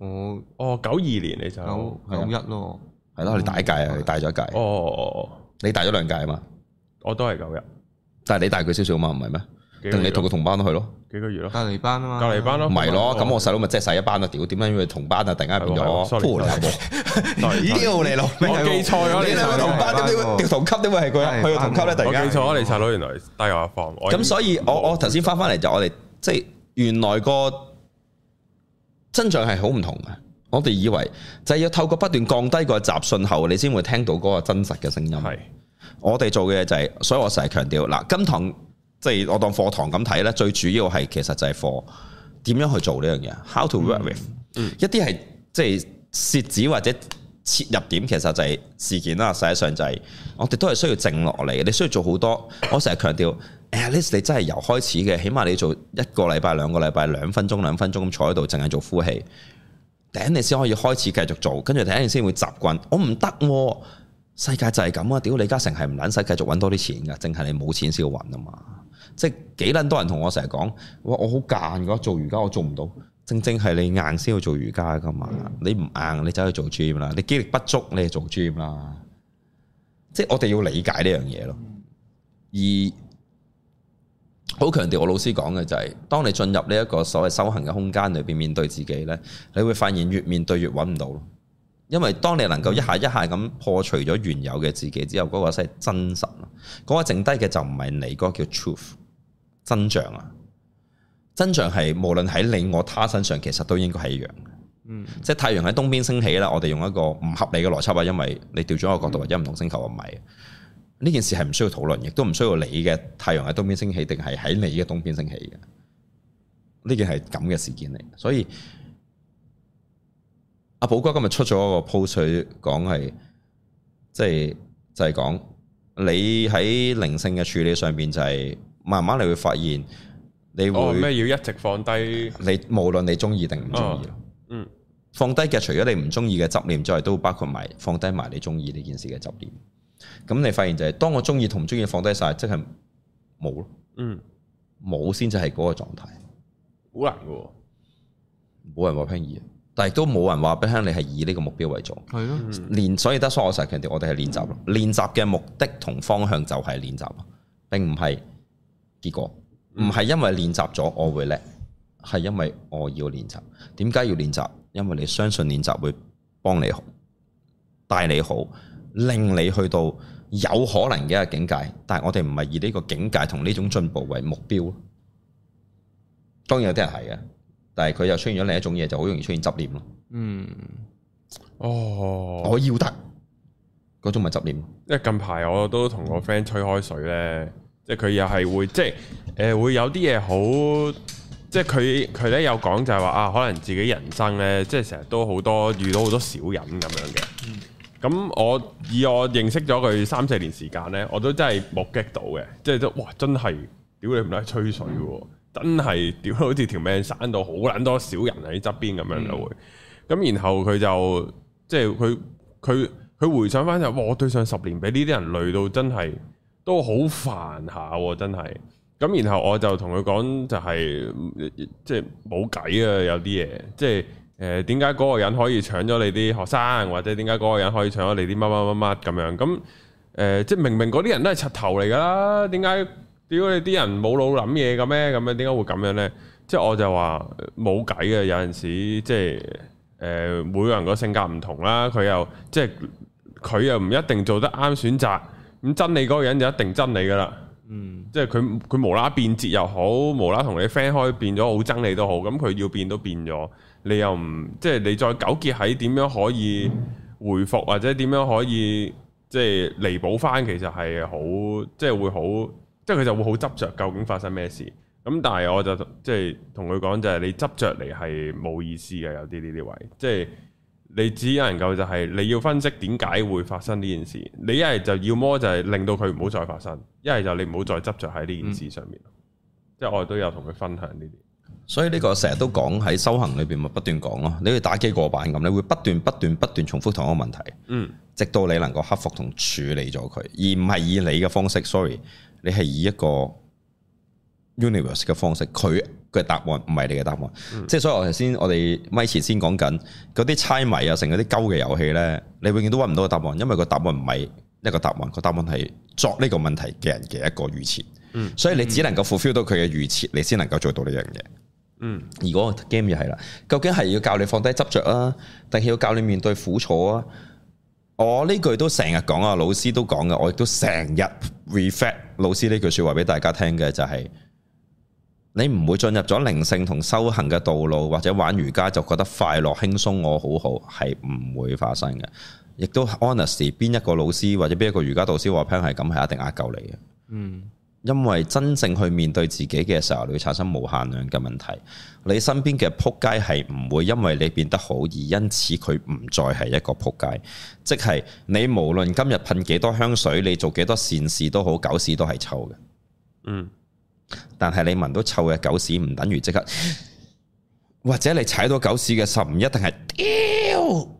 我哦，九二年你就九一咯。係咯，你大一屆啊，你大咗一屆。哦你大咗兩屆啊嘛，我都係九一，但係你大佢少少啊嘛，唔係咩？定你同個同班都去咯？幾個月咯？隔籬班啊嘛？隔籬班咯？唔係咯？咁我細佬咪即係細一班啊！屌點解因為同班啊？突然間變咗，呢啲我嚟咯，我記錯咗。你兩個同班點點掉同級？點會係佢去個同級咧？突然間記錯，你細佬原來低我一房。咁所以我我頭先翻翻嚟就我哋即係原來個。真相係好唔同嘅，我哋以為就係要透過不斷降低個集訊號，你先會聽到嗰個真實嘅聲音。係是，我哋做嘅就係、是，所以我成日強調嗱，今堂即係、就是、我當課堂咁睇呢，最主要係其實就係課點樣去做呢樣嘢？How to work with？、嗯、一啲係即係設置或者切入點，其實就係事件啦。實際上就係我哋都係需要靜落嚟嘅，你需要做好多。我成日強調。l i c 你真係由開始嘅，起碼你做一個禮拜、兩個禮拜，兩分鐘、兩分鐘咁坐喺度，淨係做呼氣。頂你先可以開始繼續做，跟住頂你先會習慣。我唔得，世界就係咁啊！屌李嘉誠係唔撚使繼續揾多啲錢噶，淨係你冇錢先要揾啊嘛。即係幾撚多人同我成日講，我我好間噶，做瑜伽我做唔到。正正係你硬先要做瑜伽噶嘛。嗯、你唔硬，你走去做 gym 啦。你肌力不足，你去做 gym 啦。即係我哋要理解呢樣嘢咯，而、嗯。好強調我老師講嘅就係，當你進入呢一個所謂修行嘅空間裏邊，面對自己呢，你會發現越面對越揾唔到，因為當你能夠一下一下咁破除咗原有嘅自己之後，嗰個先係真實咯，嗰個剩低嘅就唔係你，嗰個叫 truth 真相啊，真相係無論喺你我他身上，其實都應該係一樣。嗯，即係太陽喺東邊升起啦，我哋用一個唔合理嘅邏輯話，因為你調轉一個角度或者唔同星球唔係。呢件事係唔需要討論，亦都唔需要你嘅太陽喺東邊升起，定係喺你嘅東邊升起嘅。呢件係咁嘅事件嚟，所以阿寶哥今日出咗個 post 講係，即係就係、是就是、講你喺靈性嘅處理上邊、就是，就係慢慢你會發現你會咩、哦、要一直放低你，無論你中意定唔中意，嗯，放低嘅除咗你唔中意嘅執念之外，都包括埋放低埋你中意呢件事嘅執念。咁你發現就係，當我中意同唔中意放低晒，即係冇咯。嗯，冇先至係嗰個狀態，好難噶。冇人話偏易，但係都冇人話俾聽你係以呢個目標為重。係咯，練、嗯、所以得所以我成日強調，我哋係練習咯。練習嘅目的同方向就係練習，並唔係結果，唔係因為練習咗我會叻，係因為我要練習。點解要練習？因為你相信練習會幫你好，帶你好。令你去到有可能嘅一個境界，但係我哋唔係以呢個境界同呢種進步為目標。當然有啲人係嘅，但係佢又出現咗另一種嘢，就好容易出現執念咯。嗯，哦，我要得，嗰種咪執念。即係近排我都同個 friend 吹開水咧，即係佢又係會，即係誒、呃、會有啲嘢好，即係佢佢咧有講就係話啊，可能自己人生咧，即係成日都好多遇到好多小人咁樣嘅。咁我以我認識咗佢三四年時間呢，我都真係目擊到嘅，即係都哇真係屌你唔拉吹水喎，嗯、真係屌，好似條命生到好撚多小人喺側邊咁樣就會。咁、嗯、然後佢就即係佢佢佢回想翻就係，我對上十年俾呢啲人累到真係都好煩下，真係。咁然後我就同佢講就係、是、即係冇計啊，有啲嘢即係。誒點解嗰個人可以搶咗你啲學生，或者點解嗰個人可以搶咗你啲乜乜乜乜咁樣咁誒、呃，即係明明嗰啲人都係柒頭嚟㗎啦，點解屌你啲人冇腦諗嘢嘅咩？咁樣點解會咁樣呢？即係我就話冇計嘅。有陣時即係誒、呃，每個人個性格唔同啦，佢又即係佢又唔一定做得啱選擇。咁憎你嗰個人就一定憎你㗎啦。嗯。即係佢佢無啦變節又好，無啦同你 friend 開變咗好憎你都好，咁佢要變都變咗，你又唔即係你再糾結喺點樣可以回復，或者點樣可以即係彌補翻，其實係好即係會好，即係佢就會好執着究竟發生咩事。咁但係我就即係同佢講就係你執着嚟係冇意思嘅，有啲呢啲位即係。你只能夠就係你要分析點解會發生呢件事，你一係就要麼就係令到佢唔好再發生，一係就你唔好再執着喺呢件事上面。嗯，即係我哋都有同佢分享呢啲。所以呢個成日都講喺修行裏邊咪不斷講咯，你去打機過板咁，你會不斷、不斷不斷不斷重複同一個問題，嗯，直到你能夠克服同處理咗佢，而唔係以你嘅方式。Sorry，你係以一個 universe 嘅方式佢。佢答案唔係你嘅答案，即係、嗯、所以我頭先我哋咪前先講緊嗰啲猜謎啊，成嗰啲鳩嘅遊戲咧，你永遠都揾唔到個答案，因為個答案唔係一個答案，個答案係作呢個問題嘅人嘅一個預設，嗯嗯、所以你只能夠 fulfill 到佢嘅預設，你先能夠做到呢樣嘢。嗯，如果 game 就係、是、啦，究竟係要教你放低執着啊，定係要教你面對苦楚啊？我呢句都成日講啊，老師都講嘅，我亦都成日 reflect 老師呢句說話俾大家聽嘅就係、是。你唔會進入咗靈性同修行嘅道路，或者玩瑜伽就覺得快樂輕鬆，我好好係唔會發生嘅。亦都 honest，邊一個老師或者邊一個瑜伽導師話 plan 係咁，係一定呃鳩你嘅。嗯，因為真正去面對自己嘅時候，你會產生無限量嘅問題。你身邊嘅仆街係唔會因為你變得好而因此佢唔再係一個仆街，即係你無論今日噴幾多香水，你做幾多善事都好，狗屎都係臭嘅。嗯。但係你聞到臭嘅狗屎唔等於即刻，或者你踩到狗屎嘅時候唔一定係丟，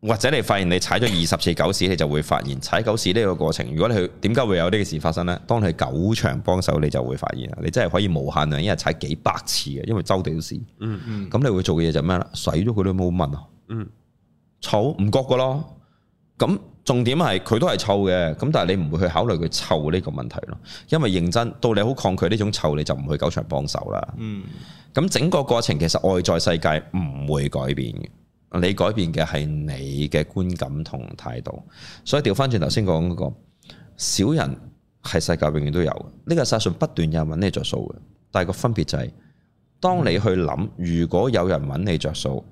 或者你發現你踩咗二十次狗屎，你就會發現踩狗屎呢個過程。如果你去點解會有呢個事發生呢？當你係狗場幫手，你就會發現啦。你真係可以無限量一日踩幾百次嘅，因為周地都屎。嗯嗯。咁你會做嘅嘢就咩啦？洗咗佢都冇聞啊。嗯，臭。臭唔覺噶咯。咁。重點係佢都係臭嘅，咁但係你唔會去考慮佢臭呢個問題咯，因為認真到你好抗拒呢種臭，你就唔去狗場幫手啦。咁、嗯、整個過程其實外在世界唔會改變嘅，你改變嘅係你嘅觀感同態度。所以調翻轉頭先講嗰個小人係世界永遠都有嘅，呢、呢個世上不斷有人揾你着數嘅，但係個分別就係、係，當你去諗如果有人揾你着數。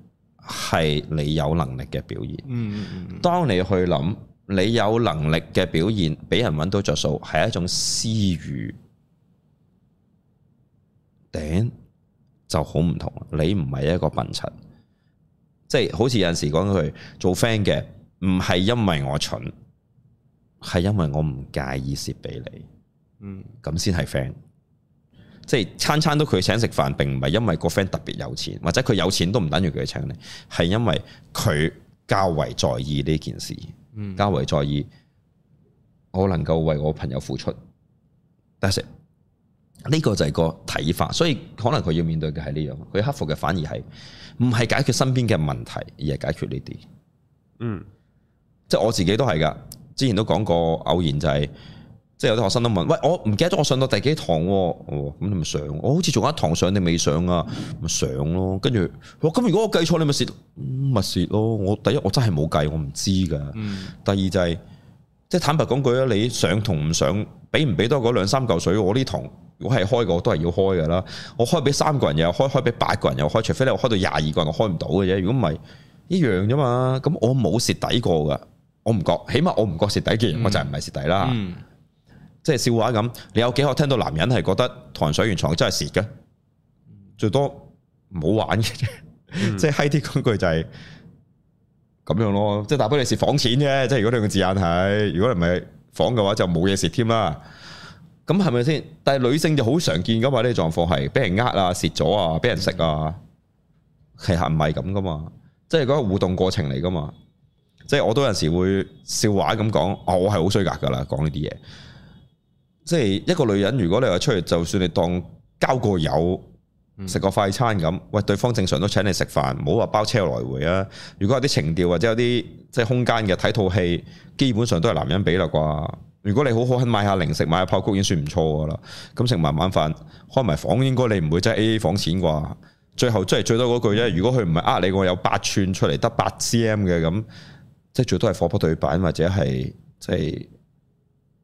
係你有能力嘅表現，嗯嗯、當你去諗你有能力嘅表現畀人揾到着數，係一種私語頂、嗯、就好唔同。你唔係一個笨柒，即係好似有陣時講句做 friend 嘅，唔係因為我蠢，係因為我唔介意蝕畀你，咁先係 friend。即係餐餐都佢請食飯，並唔係因為個 friend 特別有錢，或者佢有錢都唔等於佢請你，係因為佢較為在意呢件事，嗯、較為在意我能夠為我朋友付出。但是呢個就係個睇法，所以可能佢要面對嘅係呢樣，佢克服嘅反而係唔係解決身邊嘅問題，而係解決呢啲。嗯，即係我自己都係噶，之前都講過，偶然就係、是。即係有啲學生都問，喂，我唔記得咗我上到第幾堂喎？哦，咁，嗯，你咪上，我好似仲有一堂上你未上啊？咪上咯，跟住，咁如果我計錯，你咪蝕咪蝕咯。我第一我真係冇計，我唔知噶。嗯，第二就係、是，即係坦白講句啊，你上同唔上，俾唔俾多嗰兩三嚿水，我呢堂如果係開嘅，我都係要開嘅啦。我開俾三個人又開，開俾八個人又開，除非你開到廿二個人我開唔到嘅啫。如果唔係一樣啫嘛。咁我冇蝕底過嘅，我唔覺，起碼我唔覺蝕底嘅人，我就係唔係蝕底啦。嗯即係笑話咁，你有幾可聽到男人係覺得糖水原床真係蝕嘅？最多唔好玩嘅啫，mm hmm. 即係嗨啲工具就係咁樣咯。即係大不了蝕房錢啫。Mm hmm. 即係如果你個字眼係，如果你唔係房嘅話就，就冇嘢蝕添啦。咁係咪先？但係女性就好常見噶嘛，呢個狀況係俾人呃啊、蝕咗啊、俾人食啊，係吓唔係咁噶嘛？即係嗰個互動過程嚟噶嘛？即係我都有時會笑話咁講、啊，我係好衰格噶啦，講呢啲嘢。即係一個女人，如果你話出去，就算你當交個友、食個快餐咁，嗯、喂，對方正常都請你食飯，唔好話包車來回啊。如果有啲情調或者有啲即係空間嘅睇套戲，基本上都係男人俾啦啩。如果你好好肯買下零食、買下爆谷，已經算唔錯噶啦。咁食埋晚飯，開埋房，應該你唔會真係 A A 房錢啩。最後即係最多嗰句啫。如果佢唔係呃你，我有八吋出嚟得八 C M 嘅咁，即係最多係貨不對板或者係即係。就是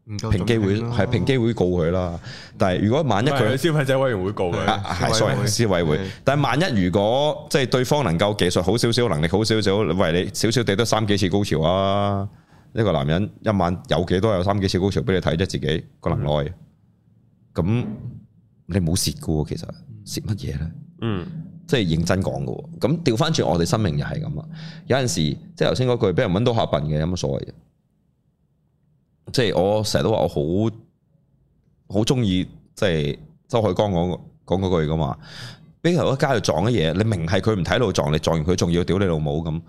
平機會係平機會告佢啦，但係如果萬一佢，消費者委員會告佢，係所以消委會。會但係萬一如果即係、就是、對方能夠技術好少少,少，能力好少少，喂，你少少地得三幾次高潮啊！呢個男人一晚有幾多有三幾次高潮俾你睇啫、啊，自己個能耐。咁、嗯嗯、你冇蝕嘅，其實蝕乜嘢咧？呢嗯即，即係認真講嘅。咁調翻轉我哋生命又係咁啊！有陣時即係頭先嗰句，俾人搵到下笨嘅有乜所謂？即係我成日都話我好好中意，即係周海光講嗰句噶嘛。比如喺街度撞嘅嘢，你明係佢唔睇路撞你，撞完佢仲要屌你老母咁，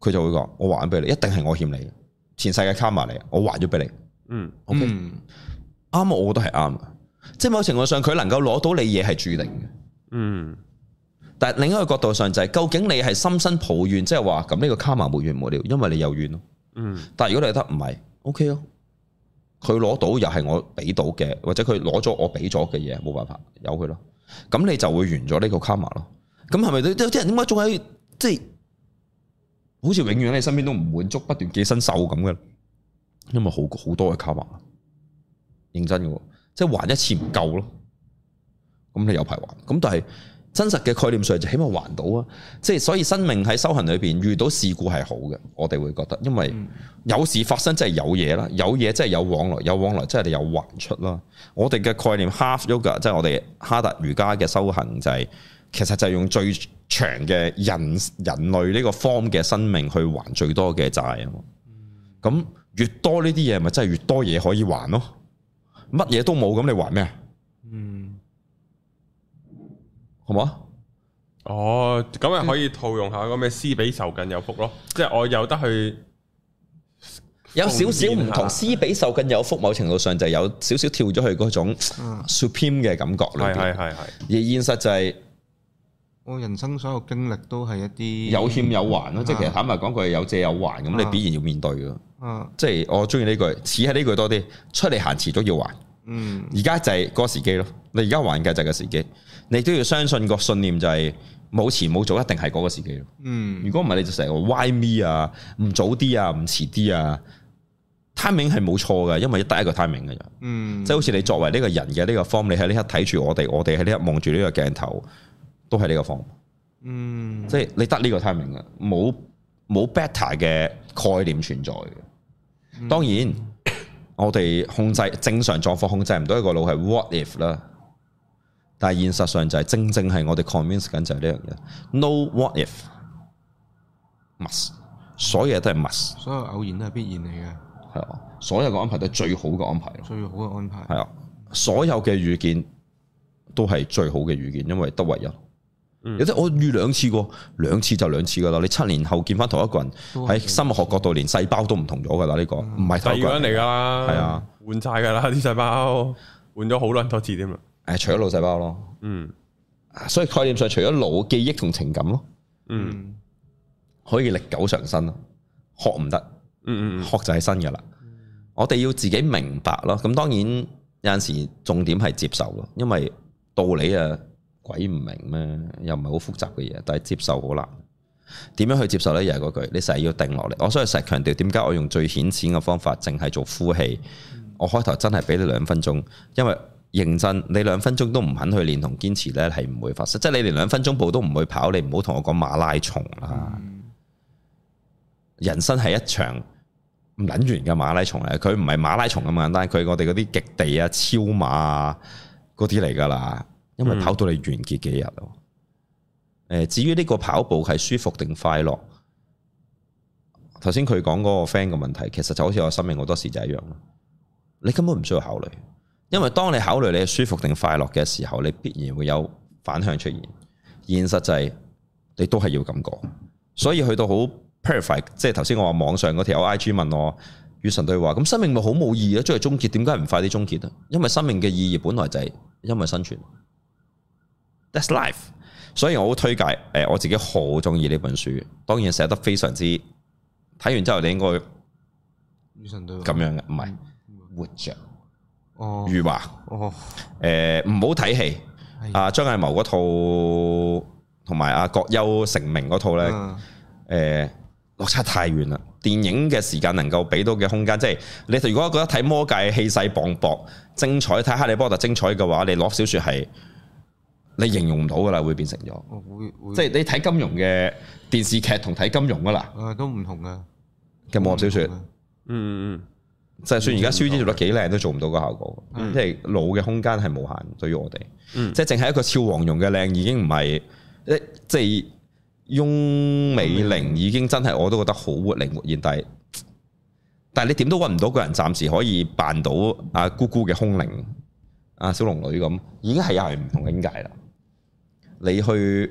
佢就會講：我還俾你，一定係我欠你。前世嘅卡瑪嚟，我還咗俾你。嗯，OK，啱啊、嗯，我都得係啱嘅。即係某程度上，佢能夠攞到你嘢係注定嘅。嗯，但係另一個角度上就係、是，究竟你係心生抱怨，即係話咁呢個卡瑪冇完冇了，因為你有怨咯。嗯，但係如果你覺得唔係。O K 咯，佢攞、okay, 到又係我俾到嘅，或者佢攞咗我俾咗嘅嘢，冇辦法，由佢咯。咁你就會完咗呢個卡碼咯。咁係咪都都有啲人點解仲喺即係，好似永遠喺你身邊都唔滿足，不斷寄生獸咁嘅？因為好好多嘅卡碼，認真嘅、哦，即係還一次唔夠咯。咁你有排還，咁但係。真實嘅概念上就起碼還到啊，即係所以生命喺修行裏邊遇到事故係好嘅，我哋會覺得，因為有事發生真係有嘢啦，有嘢真係有往來，有往來即係你有還出啦。我哋嘅概念 half yoga 即係我哋哈達瑜伽嘅修行就係、係、其實就用最長嘅人人類呢個 form 嘅生命去還最多嘅債啊。咁越多呢啲嘢咪真係越多嘢可以還咯。乜嘢都冇咁你還咩啊？嗯。好嘛？哦，咁咪可以套用下嗰咩施比受更有福咯，即係我有得去，有少少唔同。施比受更有福，某程度上就係有少少跳咗去嗰種 supreme 嘅、啊、感覺裏邊。係係係而現實就係、是、我人生所有經歷都係一啲有欠有還咯，啊、即係其實坦白講，佢係有借有還咁，你必然要面對噶。啊啊、即係我中意呢句，似喺呢句多啲，出嚟行遲早要還。嗯，而家就係嗰個時機咯，你而家還嘅就係個時機。你都要相信個信念，就係冇遲冇早，一定係嗰個時機。嗯，如果唔係你就成日話 why me 啊？唔早啲啊？唔遲啲啊？timing 係冇錯嘅，因為得一個 timing 嘅啫。嗯，即係好似你作為呢個人嘅呢個 form，你喺呢刻睇住我哋，我哋喺呢刻望住呢個鏡頭，都係呢個 form。嗯，即係你得呢個 timing 嘅，冇冇 better 嘅概念存在嘅。當然，嗯、 我哋控制正常狀況控制唔到一個腦係 what if 啦。但係現實上就係正正係我哋 convince 緊就係呢樣嘢，no what if must，所有嘢都係 must，所有偶然都係必然嚟嘅，係啊，所有嘅安排都係最好嘅安排，最好嘅安排，係啊，所有嘅預見都係最好嘅預見，因為得唯一，有啲我遇兩次過，兩次就兩次噶啦，你七年後見翻同一個人，喺生物學角度連細胞都唔同咗噶啦，呢個唔係第二個人嚟噶啦，係啊，換晒噶啦啲細胞，換咗好撚多次添啦。除咗腦細胞咯，嗯，所以概念上除咗腦記憶同情感咯，嗯，可以歷久常新咯，學唔得，嗯嗯，學就係新噶啦。嗯、我哋要自己明白咯。咁當然有陣時重點係接受咯，因為道理啊鬼唔明咩，又唔係好複雜嘅嘢，但係接受好難。點樣去接受呢？又係嗰句，你成日要定落嚟。我所以成日強調，點解我用最顯淺嘅方法，淨係做呼氣。嗯、我開頭真係俾你兩分鐘，因為。認真，你兩分鐘都唔肯去練同堅持呢係唔會發生。即係你連兩分鐘步都唔會跑，你唔好同我講馬拉松啦。嗯、人生係一場唔捻完嘅馬拉松嚟，佢唔係馬拉松咁簡單，佢係我哋嗰啲極地啊、超馬啊嗰啲嚟噶啦。因為跑到你完結幾日、嗯、至於呢個跑步係舒服定快樂，頭先佢講嗰個 friend 嘅問題，其實就好似我生命好多時就一樣，你根本唔需要考慮。因為當你考慮你嘅舒服定快樂嘅時候，你必然會有反向出現。現實就係你都係要咁講，所以去到好 perfect。即係頭先我話網上嗰條 IG 問我，與神對話咁生命咪好冇意義啊？最後終結點解唔快啲終結啊？因為生命嘅意義本來就係因為生存，that's life。所以我好推介誒，我自己好中意呢本書，當然寫得非常之。睇完之後你應該咁樣嘅，唔係活着。余華，誒唔好睇戲。阿張藝謀嗰套，同埋阿葛優成名嗰套咧，誒、啊呃、落差太遠啦。電影嘅時間能夠俾到嘅空間，即係你如果覺得睇魔界氣勢磅礴、精彩，睇哈利波特精彩嘅話，你攞小說係你形容唔到噶啦，會變成咗。會會，即係你睇金融嘅電視劇同睇金融噶啦，都唔同嘅。嘅武俠小說，嗯嗯嗯。就算而家梳子做得幾靚，都做唔到個效果。即係、嗯、老嘅空間係無限，對於我哋、嗯，即係淨係一個俏黃蓉嘅靚，已經唔係，即係翁美玲已經真係我都覺得好活靈活現。但係，但係你點都揾唔到個人，暫時可以扮到阿姑姑嘅空靈，阿、嗯啊、小龍女咁，已經係又係唔同境界啦。你去，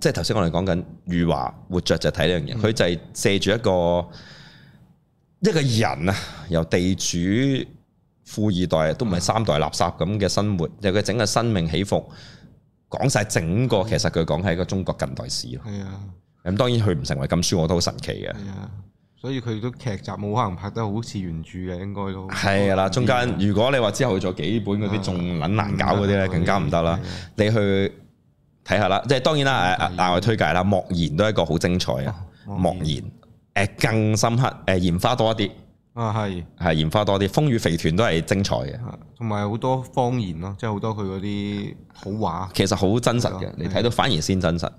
即係頭先我哋講緊余華活着、嗯、就睇呢樣嘢，佢就係借住一個。一個人啊，由地主、富二代都唔係三代垃圾咁嘅生活，由佢整個生命起伏，講晒整個其實佢講係一個中國近代史咯。係啊，咁當然佢唔成為禁書，我都好神奇嘅。所以佢都劇集冇可能拍得好似原著嘅，應該都係啦。中間如果你話之後做幾本嗰啲仲捻難搞嗰啲咧，更加唔得啦。你去睇下啦，即係當然啦，誒的，難為、啊啊、推介啦。莫言都係一個好精彩啊，莫言。莫言誒，更深刻，誒鹽花多一啲啊，係係鹽花多啲，風雨肥團都係精彩嘅，同埋好多方言咯，即係好多佢嗰啲好話，其實好真實嘅，的你睇到反而先真實。的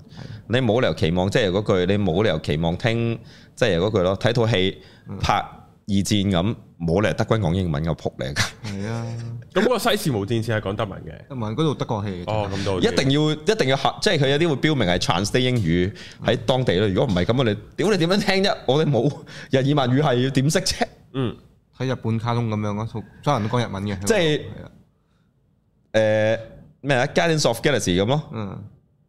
你冇理由期望即係嗰句，你冇理由期望聽即係嗰句咯。睇套戲拍二戰咁，冇的理由德軍講英文嘅撲你㗎。係啊。咁嗰個西士無電視係講德文嘅，德文嗰度德國戲哦，咁多一定要一定要即係佢有啲會標明係 transday 英語喺當地咯。如果唔係咁，你屌你點樣聽啫？我哋冇日耳曼語係要點識啫？嗯，睇日本卡通咁樣咯，所有人講日文嘅，即係誒咩啊 Guardians of Galaxy 咁咯。嗯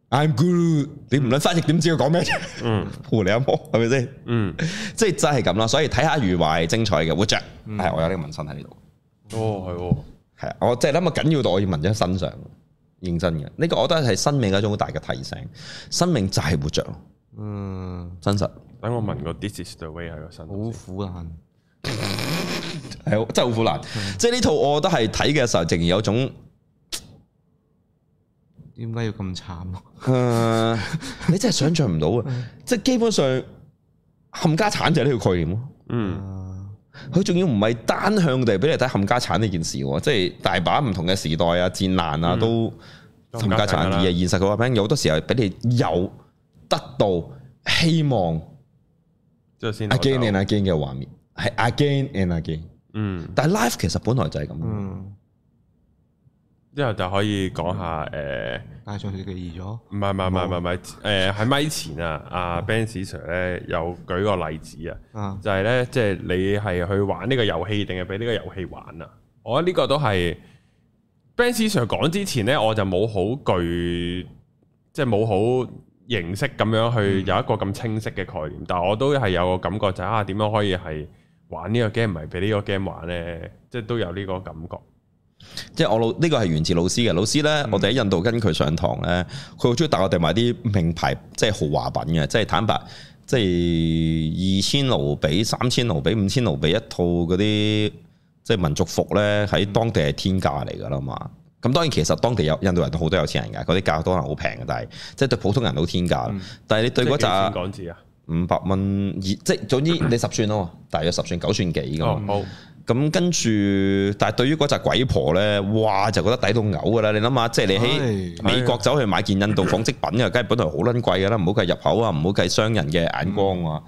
，I'm good。你唔論翻譯點知佢講咩？嗯，胡攤摸係咪先？嗯，即係真係咁咯。所以睇下餘懷精彩嘅，活着係我有呢個紋身喺呢度。哦，係。係，我即係諗咁緊要，到我要聞咗喺身上，認真嘅呢、這個，我覺得係生命一種好大嘅提醒。生命就係活着嗯，真實。等我聞個 This is the way 喺個身，好苦難，係 真係好苦難。嗯、即係呢套，我覺得係睇嘅時候，直然有種點解要咁慘啊、呃？你真係想象唔到啊！ 即係基本上冚家鏟就係呢個概念咯，嗯。佢仲要唔係單向地俾你睇冚家產呢件事，即係大把唔同嘅時代啊、戰難啊，都冚、嗯、家產。而係現實嗰方面有好多時候俾你有得到希望，即係先 again and again 嘅畫面，係 again and again。嗯，但係 life 其實本來就係咁。嗯。之後就可以講下誒，呃、但係上次佢移咗，唔係唔係唔係唔係，誒喺咪前 啊，阿 Benz Sir 咧有舉個例子啊，就係咧即係你係去玩呢個遊戲，定係俾呢個遊戲玩啊？我覺得呢個都係 Benz Sir 講之前咧，我就冇好具，即係冇好認識咁樣去有一個咁清晰嘅概念，嗯、但係我都係有個感覺就係啊，點樣可以係玩，玩呢個 game，唔係俾呢個 game 玩咧，即、就、係、是、都有呢個感覺。即係我老呢個係源自老師嘅老師咧，我哋喺印度跟佢上堂咧，佢好中意帶我哋買啲名牌，即係豪華品嘅。即係坦白，即係二千盧比、三千盧比、五千盧比一套嗰啲，即係民族服咧，喺當地係天價嚟噶啦嘛。咁當然其實當地有印度人都好多有錢人嘅，嗰啲價當然好平嘅，但係即係對普通人好天價。但係你對嗰扎港紙啊五百蚊，即係總之你十算咯，大約十算九算幾咁。嗯，好咁跟住，但係對於嗰隻鬼婆咧，哇就覺得抵到嘔噶啦！你諗下，即係你喺美國走去買件印度紡織品嘅，梗係本來好撚貴噶啦，唔好計入口啊，唔好計商人嘅眼光啊。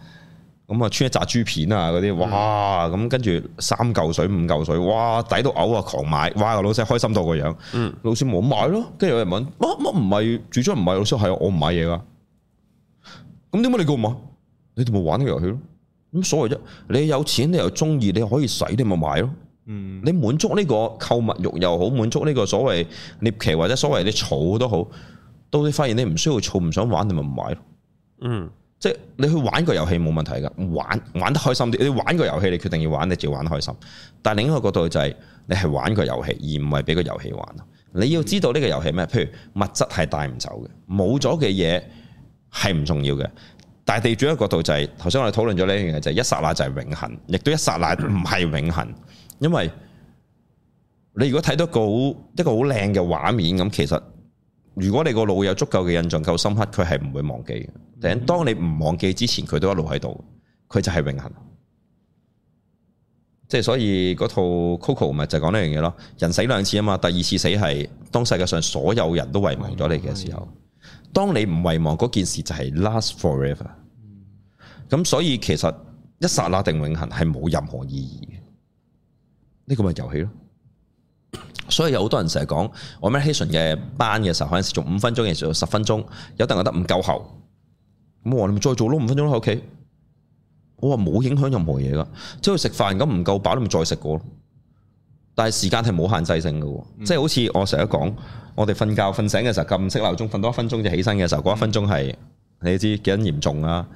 咁啊、嗯嗯，穿一紮豬片啊嗰啲，哇！咁跟住三嚿水五嚿水，哇！抵到嘔啊，狂買，哇！老師開心到個樣，嗯、老師冇買咯。跟住有人問：乜乜唔係主張唔係老師係、啊、我唔買嘢噶。咁點解你咁買？你哋冇玩呢個遊戲？咁所謂啫，你有錢你又中意，你可以使，你咪買咯。嗯，你滿足呢個購物欲又好，滿足呢個所謂獵奇或者所謂你儲都好，到你發現你唔需要儲，唔想玩，你咪唔買咯。嗯，即係你去玩個遊戲冇問題噶，玩玩得開心啲。你玩個遊戲，你決定要玩，你就要玩得開心。但係另一個角度就係，你係玩個遊戲，而唔係俾個遊戲玩。你要知道呢個遊戲咩？譬如物質係帶唔走嘅，冇咗嘅嘢係唔重要嘅。大地主一個角度就係，頭先我哋討論咗呢樣嘢就係一剎那就係永恒，亦都一剎那唔係永恒。因為你如果睇到個一個好靚嘅畫面咁，其實如果你個腦有足夠嘅印象夠深刻，佢係唔會忘記嘅。但係當你唔忘記之前，佢都一路喺度，佢就係永恒。即係所以嗰套 Coco 咪就係講呢樣嘢咯。人死兩次啊嘛，第二次死係當世界上所有人都遺忘咗你嘅時候。當你唔遺忘嗰件事就係 last forever，咁所以其實一剎那定永恒係冇任何意義嘅，呢個咪遊戲咯。所以有好多人成日講，我喺 Hanson 嘅班嘅時候，可能時做五分鐘嘅時候，十分鐘有陣覺得唔夠喉，咁我話你咪再做多五分鐘咯，喺屋企。我話冇影響任何嘢㗎，即係食飯咁唔夠飽，你咪再食過。但係時間係冇限制性嘅喎，嗯、即係好似我成日講，我哋瞓覺瞓醒嘅時候咁識鬧鐘，瞓多一分鐘就起身嘅時候，嗰一分鐘係你知幾咁嚴重啦、啊。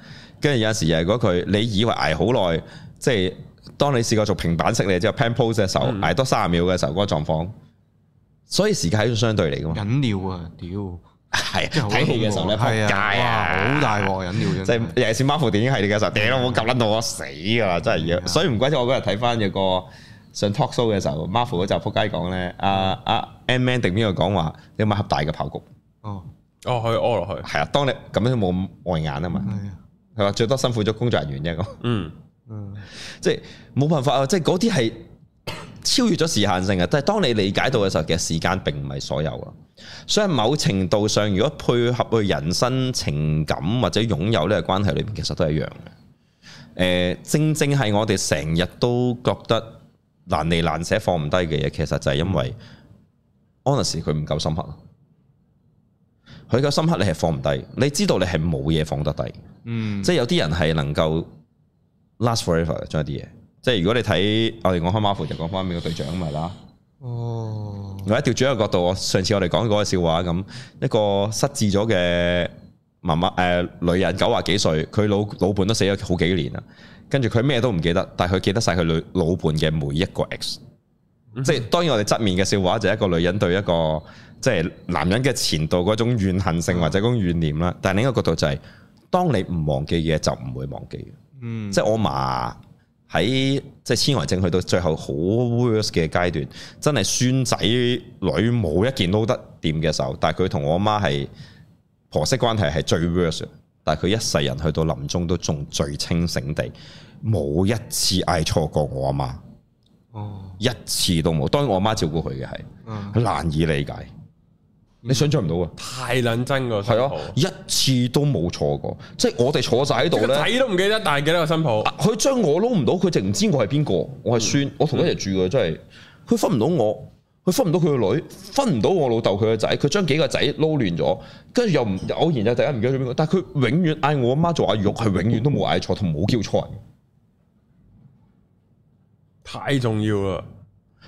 跟住有陣時又係嗰佢，你以為捱好耐，即係當你試過做平板式你之後 pan pose 嘅時候，捱多三十秒嘅時候嗰、那個狀況。所以時間係一種相對嚟㗎嘛。飲料啊，屌、呃，係睇、啊、戲嘅時候咧，仆街、呃、啊，好、啊、大鑊飲料，即係尤其是 Marvel 電影系列嘅時候，屌我夾撚到我死㗎、啊、啦，真係要。所以唔怪得我嗰日睇翻嘅個，上 talk show 嘅時候，Marv 嗰集仆街講咧，阿阿 M Man 定邊個講話，你買盒大嘅爆谷，哦，哦，可以屙落去，係啊，當你咁樣冇咁礙眼啊嘛，係、嗯、啊，係嘛，最多辛苦咗工作人員啫咁，嗯嗯， 嗯即係冇辦法啊，即係嗰啲係超越咗時限性嘅，但係當你理解到嘅時候，其實時間並唔係所有啊，所以某程度上，如果配合去人生情感或者擁有呢個關係裏邊，其實都係一樣嘅，誒、呃，正正係我哋成日都覺得。難離難捨放唔低嘅嘢，其實就係因為，honest 佢唔夠深刻，佢夠深刻你係放唔低，你知道你係冇嘢放得低，嗯即 forever，即係有啲人係能夠 last forever，將一啲嘢，即係如果你睇我哋講開 Marvel 就講返美國隊長咪啦，哦，我一調轉一個，就是哦，角度，我上次我哋講嗰個笑話咁，一個失智咗嘅。媽媽誒，女人九啊幾歲，佢老老伴都死咗好幾年啦，跟住佢咩都唔記得，但係佢記得晒佢老老伴嘅每一個 x，嗯、即係當然我哋側面嘅笑話就係一個女人對一個即係男人嘅前度嗰種怨恨性或者嗰種怨念啦。但係另一個角度就係、是，當你唔忘記嘅嘢就唔會忘記。嗯，即係我媽喺即係痴呆症去到最後好 worst 嘅階段，真係孫仔女冇一件撈得掂嘅時候。但係佢同我媽係。婆媳關係係最 worse，但係佢一世人去到臨終都仲最清醒地，冇一次嗌錯過我阿媽，哦，一次都冇。當然我阿媽照顧佢嘅係，哦、難以理解，你想象唔到啊、嗯！太認真㗎，係啊，一次都冇錯過，即係我哋坐晒喺度咧，仔都唔記得，但係記得個新抱。佢將、啊、我撈唔到，佢就唔知我係邊個。我係孫，嗯、我同佢一齊住嘅，真係、嗯，佢分唔到我。佢分唔到佢個女，分唔到我老豆佢個仔，佢將幾個仔撈亂咗，跟住又偶然又突然間唔記得咗邊個，但係佢永遠嗌我媽做阿玉，係永遠都冇嗌錯同冇叫錯人。太重要啦！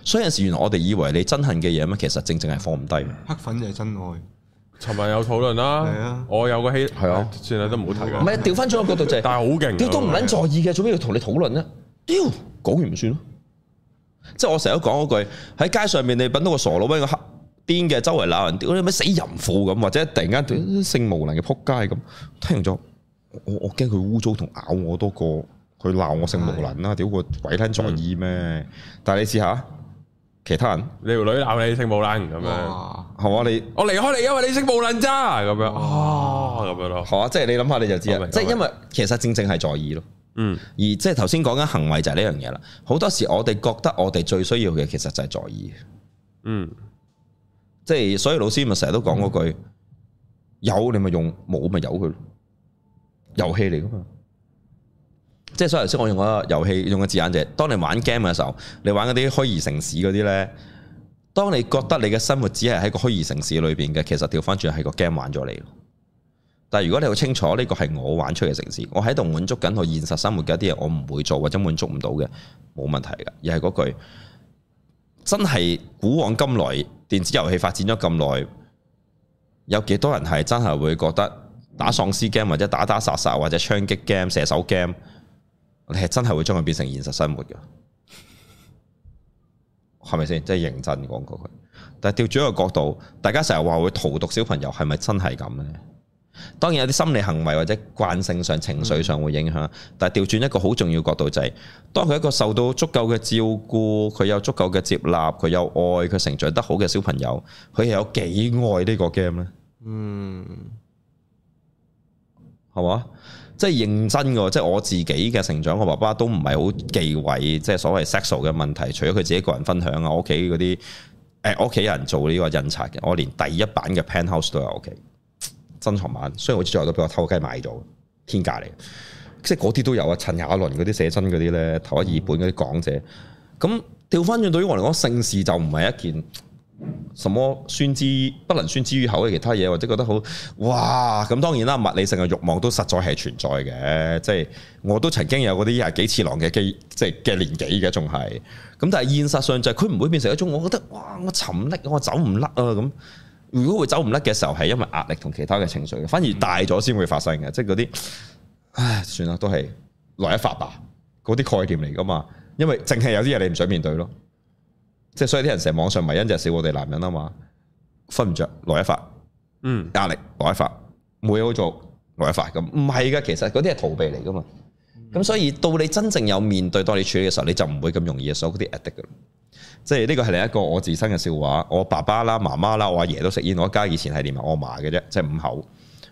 所以有時原來我哋以為你憎恨嘅嘢咩，其實正正係放唔低。黑粉就係真愛。尋日有討論啦、啊，啊、我有個戲係啊，算啦都唔好睇唔係啊，調翻轉個角度就係、是， 但係好勁，調都唔撚在意嘅，做咩要同你討論呢？屌，講完唔算咯。即係我成日都講嗰句，喺街上面你揾到個傻佬，俾個黑癲嘅周圍鬧人屌你咩死淫婦咁，或者突然間性無能嘅扑街咁，聽完咗我我驚佢污糟同咬我多過佢鬧我性無能啦，的屌個鬼捻在意咩？嗯、但係你試下其他人，你條女鬧你性無能咁樣係嘛？你我離開你因為你性無能咋咁樣啊咁樣咯，係嘛？即係你諗下你就知啦，即係、嗯嗯、因為其實正正係在意咯。嗯，而即係頭先講緊行為就係呢樣嘢啦。好多時我哋覺得我哋最需要嘅，其實就係在意。嗯，即係所以老師咪成日都講嗰句，嗯、有你咪用，冇咪由佢，遊戲嚟噶嘛。即係所以頭先我用個遊戲用個字眼就係，是，當你玩 game 嘅時候，你玩嗰啲虛擬城市嗰啲咧，當你覺得你嘅生活只係喺個虛擬城市裏邊嘅，其實掉返轉，係個 game 玩咗你。但係如果你好清楚呢個係我玩出嘅城市，我喺度滿足緊我現實生活嘅一啲嘢，我唔會做或者滿足唔到嘅冇問題嘅。又係嗰句，真係古往今來電子遊戲發展咗咁耐，有幾多人係真係會覺得打喪屍 game 或者打打殺殺或者槍擊 game、射手 game，你係真係會將佢變成現實生活嘅？係咪先？即係認真講嗰句。但係調轉一個角度，大家成日話會荼毒小朋友，係咪真係咁呢？當然有啲心理行為或者慣性上、情緒上會影響，嗯、但係調轉一個好重要角度就係、是，當佢一個受到足夠嘅照顧，佢有足夠嘅接納，佢有愛，佢成長得好嘅小朋友，佢有幾愛呢個 game 呢？嗯，係嘛？即係認真嘅，即、就、係、是、我自己嘅成長，我爸爸都唔係好忌諱，即、就、係、是、所謂 sexual 嘅問題。除咗佢自己個人分享啊，我屋企嗰啲，誒、呃，屋企人做呢個印刷嘅，我連第一版嘅 Penthouse 都有屋企。珍藏版，雖然我最後都俾我偷雞買咗，天價嚟。即係嗰啲都有啊，陳雅倫嗰啲寫真嗰啲咧，頭一二本嗰啲港姐，咁調翻轉對於我嚟講，性事就唔係一件什麼宣之不能宣之於口嘅其他嘢，或者覺得好哇，咁當然啦，物理性嘅慾望都實在係存在嘅。即係我都曾經有嗰啲廿幾次郎嘅基，即係嘅年紀嘅仲係。咁但係現實上就係佢唔會變成一種，我覺得哇，我沉溺我走唔甩啊咁。如果會走唔甩嘅時候，係因為壓力同其他嘅情緒，反而大咗先會發生嘅。即係嗰啲，唉，算啦，都係來一發吧。嗰啲概念嚟噶嘛，因為淨係有啲嘢你唔想面對咯。即係所以啲人成日網上迷因就係笑我哋男人啊嘛，瞓唔着來一發，嗯，壓力來一發，冇嘢好做來一發咁。唔係噶，其實嗰啲係逃避嚟噶嘛。咁、嗯、所以到你真正有面對當你處理嘅時候，你就唔會咁容易收嗰啲壓力噶。即係呢個係另一個我自身嘅笑話，我爸爸啦、媽媽啦、我阿爺都食煙，我家以前係連埋我阿嫲嘅啫，即係五口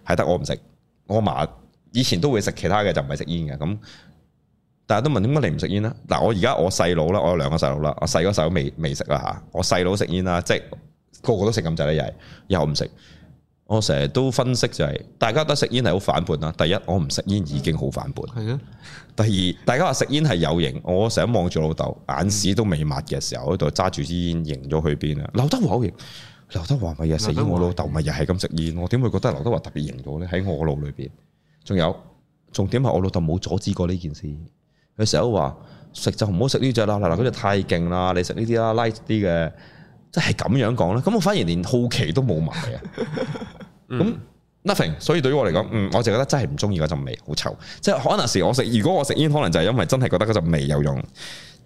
係得我唔食，我阿嫲以前都會食其他嘅，就唔係食煙嘅。咁大家都問點解你唔食煙啦？嗱，我而家我細佬啦，我有兩個細佬啦，我細個細佬未未食啦吓，我細佬食煙啦，即係個個都食咁滯嘅嘢，以後唔食。我成日都分析就係、是，大家都食煙係好反叛啦。第一，我唔食煙已經好反叛。係啊。第二，大家話食煙係有型。我成日望住老豆，眼屎都未抹嘅時候，喺度揸住支煙，型咗去邊啊？劉德華好型。劉德華咪又食煙，我老豆咪又係咁食煙。我點會覺得劉德華特別型咗呢？喺我腦裏邊，仲有重點係我老豆冇阻止過呢件事。佢成日都話食就唔好食呢隻啦，嗱嗱嗰隻太勁啦，你食呢啲啦，light 啲嘅。即係咁樣講咧，咁我反而連好奇都冇埋啊！咁、 嗯、nothing，所以對於我嚟講，嗯，我就覺得真係唔中意嗰陣味，好臭。即係可能時我食，如果我食煙，可能就係因為真係覺得嗰陣味有用。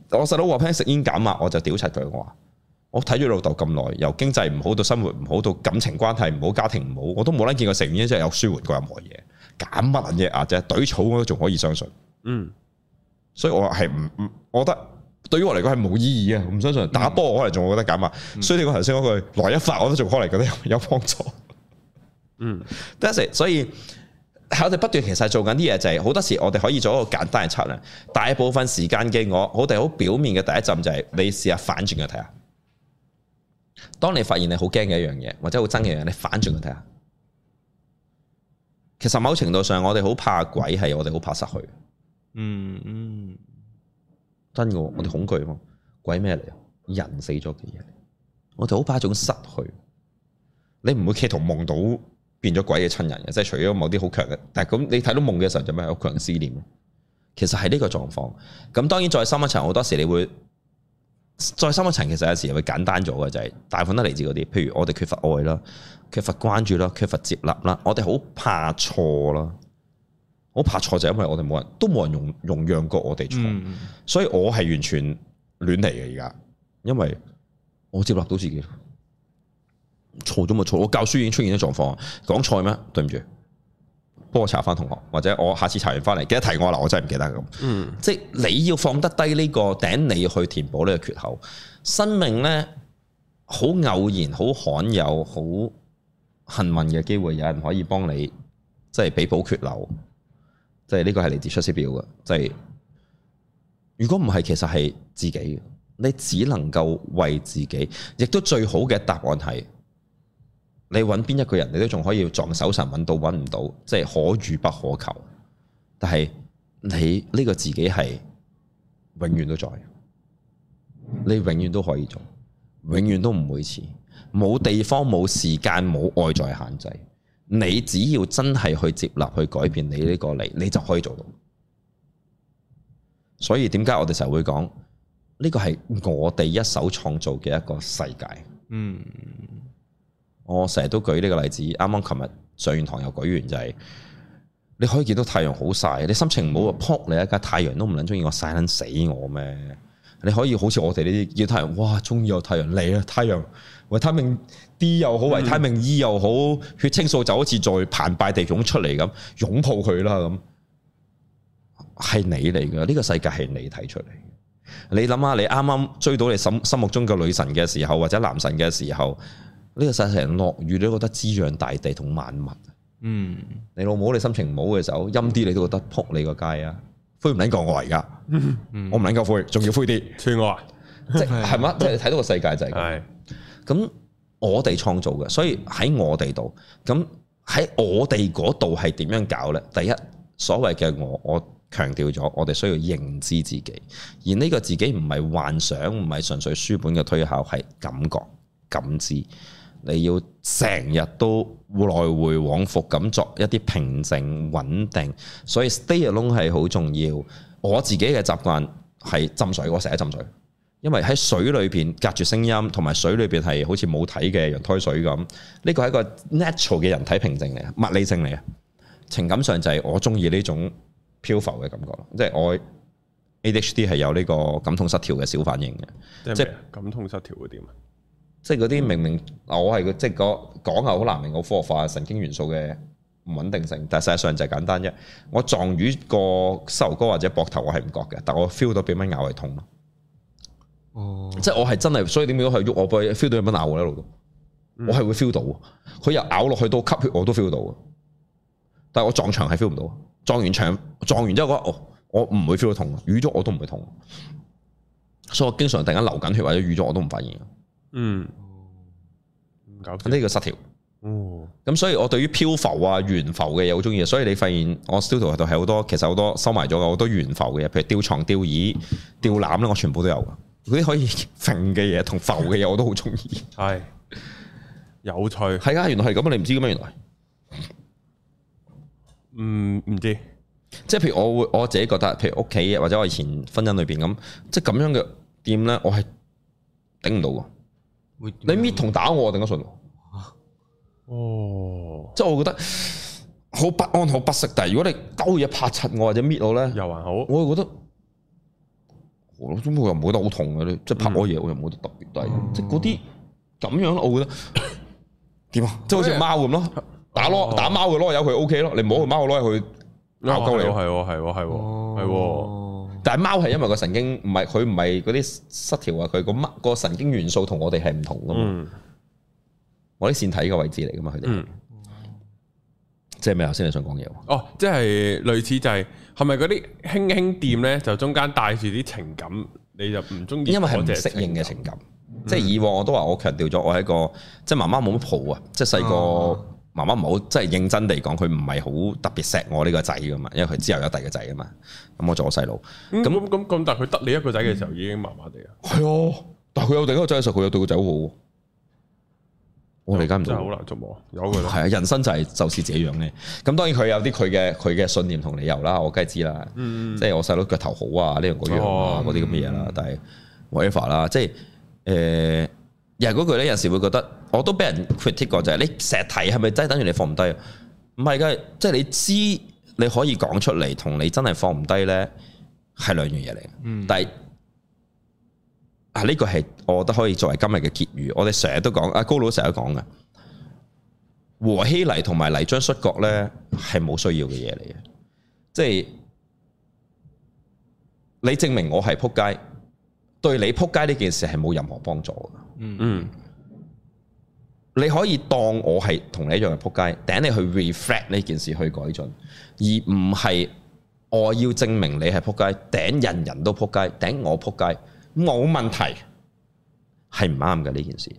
我細佬話平時食煙減壓，我就屌柒佢。我話我睇咗老豆咁耐，由經濟唔好到生活唔好到感情關係唔好、家庭唔好，我都冇得見過食煙真係有舒緩過任何嘢減乜嘢啊啫！懟草我都仲可以相信，嗯。所以我話係唔唔，我覺得。對於我嚟講係冇意義啊，唔相信打波可能仲會覺得減壓，所以你個頭先嗰句來一發我都做開嚟覺得有有幫助。嗯，第 所以我哋不斷其實斷做緊啲嘢就係、是、好多時我哋可以做一個簡單嘅測量，大部分時間嘅我，我哋好表面嘅第一陣，就係你試下反轉佢睇下。當你發現你好驚嘅一樣嘢或者好憎嘅樣嘢，嗯、你反轉佢睇下。其實某程度上我哋好怕鬼係我哋好怕失去嗯。嗯嗯。真嘅、哦，我哋恐懼啊、哦、鬼咩嚟啊？人死咗嘅嘢，嚟，我哋好怕一種失去。你唔會企圖夢到變咗鬼嘅親人嘅，即係除咗某啲好強嘅。但係咁，你睇到夢嘅時候，就咩有強人思念，其實係呢個狀況。咁當然再深一層，好多時你會再深一層，其實有時會簡單咗嘅，就係、是、大部分都嚟自嗰啲，譬如我哋缺乏愛啦、缺乏關注啦、缺乏接納啦，我哋好怕錯啦。我拍錯，就因為我哋冇人都冇人容容讓過我哋錯，嗯、所以我係完全亂嚟嘅而家，因為我接納到自己錯咗咪錯？我教書已經出現咗狀況，講錯咩？對唔住，幫我查翻同學，或者我下次查完翻嚟記得提我喇，我真係唔記得咁。嗯、即係你要放得低呢個頂，你去填補呢個缺口。生命呢，好偶然、好罕有、好幸運嘅機會，有人可以幫你即係補補缺漏。即係呢個係嚟自出師表嘅，即係，如果唔係，其實係自己。你只能夠為自己，亦都最好嘅答案係你揾邊一個人，你都仲可以撞手神揾到，揾唔到，即係可遇不可求。但係你呢個自己係永遠都在，你永遠都可以做，永遠都唔會遲，冇地方，冇時間，冇外在限制。你只要真係去接納去改變你呢個你，你就可以做到。所以點解我哋成日會講呢個係我哋一手創造嘅一個世界？嗯，我成日都舉呢個例子，啱啱琴日上完堂又舉完就係，你可以見到太陽好晒，你心情唔好啊扑你一架太陽都唔捻鍾意我晒捻死我咩？你可以好似我哋呢啲叫太陽，哇！終於有太陽嚟啦！太陽維他命 D 又好，維、嗯、他命 E 又好，血清素就好似在澎湃地湧出嚟咁，擁抱佢啦咁。係你嚟噶，呢、這個世界係你睇出嚟。你諗下，你啱啱追到你心目中嘅女神嘅時候，或者男神嘅時候，呢、這個世界落雨你都覺得滋養大地同萬物。嗯，你老母你心情唔好嘅時候，陰啲你都覺得扑你個街啊！灰唔能夠我而家，嗯、我唔能夠灰，仲要灰啲，串我啊！即係嘛， 即係你睇到個世界就係咁，我哋創造嘅，所以喺我哋度，咁喺我哋嗰度係點樣搞呢？第一，所謂嘅我，我強調咗，我哋需要認知自己，而呢個自己唔係幻想，唔係純粹書本嘅推敲，係感覺、感知。你要成日都來回往復咁作一啲平靜穩定，所以 stay alone 係好重要。我自己嘅習慣係浸水，我成日浸水，因為喺水裏邊隔住聲音，同埋水裏邊係好似冇睇嘅羊胎水咁。呢個係一個 natural 嘅人體平靜嚟啊，物理性嚟啊。情感上就係我中意呢種漂浮嘅感覺，即係我 ADHD 係有呢個感通失調嘅小反應嘅，即係感通失調會點啊。即係嗰啲明明、嗯、我係即係講講係好難明個科學化神經元素嘅唔穩定性，但係實際上就係簡單啫。我撞魚個膝頭哥或者膊頭，我係唔覺嘅，但我 feel 到俾蚊咬係痛咯。哦、嗯，即係我係真係，所以點樣去喐我背 feel 到有蚊咬喺度。我係會 feel 到，佢又咬落去到吸血我都 feel 到，但係我撞牆係 feel 唔到。撞完牆撞完之後講哦，我唔會 feel 到痛，淤咗我都唔會痛。所以我經常突然間流緊血或者淤咗我都唔發現。嗯，搞呢 個失調，嗯，咁所以我對於漂浮啊、懸浮嘅嘢好中意，所以你發現我 studio 度係好多，其實好多收埋咗好多懸浮嘅嘢，譬如吊床、吊椅、吊籃咧，我全部都有。嗰啲可以浮嘅嘢同浮嘅嘢，我都好中意，係有趣。係啊， 原來係咁。你唔知噶咩？原來，嗯，唔知，即係譬如我會我自己覺得，譬如屋企或者我以前婚姻裏邊咁，即係咁樣嘅店咧，我係頂唔到。你搣同打我啊，頂得順？哦，即係我覺得好不安好不適。但係如果你兜嘢拍柒我或者搣我咧，又還好。我又覺得，我咁我又唔覺得好痛嘅咧。即係拍我嘢我又唔覺得特別低。嗯、即係嗰啲咁樣，我覺得點啊？即係好似貓咁咯，打攞打貓嘅由佢 O K 咯。你唔好去貓嘅攞入去咬鳩你。係係係係。但係貓係因為個神經唔係佢唔係嗰啲失調啊，佢個乜個神經元素同我哋係唔同噶嘛？我啲腺體嘅位置嚟噶嘛佢哋？嗯，即係咩？頭先你想講嘢？哦，即係類似就係係咪嗰啲輕輕掂咧？就中間帶住啲情感，你就唔中意？因為係唔適應嘅情感。嗯，即係以往我都話我強調咗，我係一個即係媽媽冇乜抱啊，即係細個。媽媽唔好，即係認真地講，佢唔係好特別錫我呢個仔噶嘛，因為佢之後有第二個仔噶嘛。咁我做我細佬，咁咁咁，那嗯、但係佢得你一個仔嘅時候，已經麻麻地啦。係、嗯、啊，但係佢有第二個仔嘅時候，佢有對個仔好。我哋而家唔真好難做有佢啦。係啊，人生就係就是這樣咧。咁當然佢有啲佢嘅佢嘅信念同理由啦，我梗係知啦。即係、嗯、我細佬腳頭好啊，呢樣嗰樣嗰啲咁嘅嘢啦。哦嗯、但係 whatever 啦，whatever, 即係誒。呃呃又嗰句咧，有時會覺得我都俾人 critic 過，就係你成日提係咪真係等於你放唔低？唔係噶，即係你知你可以講出嚟，同你真係放唔低咧，係兩樣嘢嚟嘅。但係啊，呢個係我覺得可以作為今日嘅結語。我哋成日都講啊，高佬成日都講嘅，和稀泥同埋泥漿摔角咧，係冇需要嘅嘢嚟嘅。即係你證明我係扑街，對你扑街呢件事係冇任何幫助嗯，嗯，你可以當我係同你一樣嘅撲街，頂你去 reflect 呢件事去改進，而唔係我要證明你係撲街，頂人人都撲街，頂我撲街，冇問題，係唔啱嘅呢件事。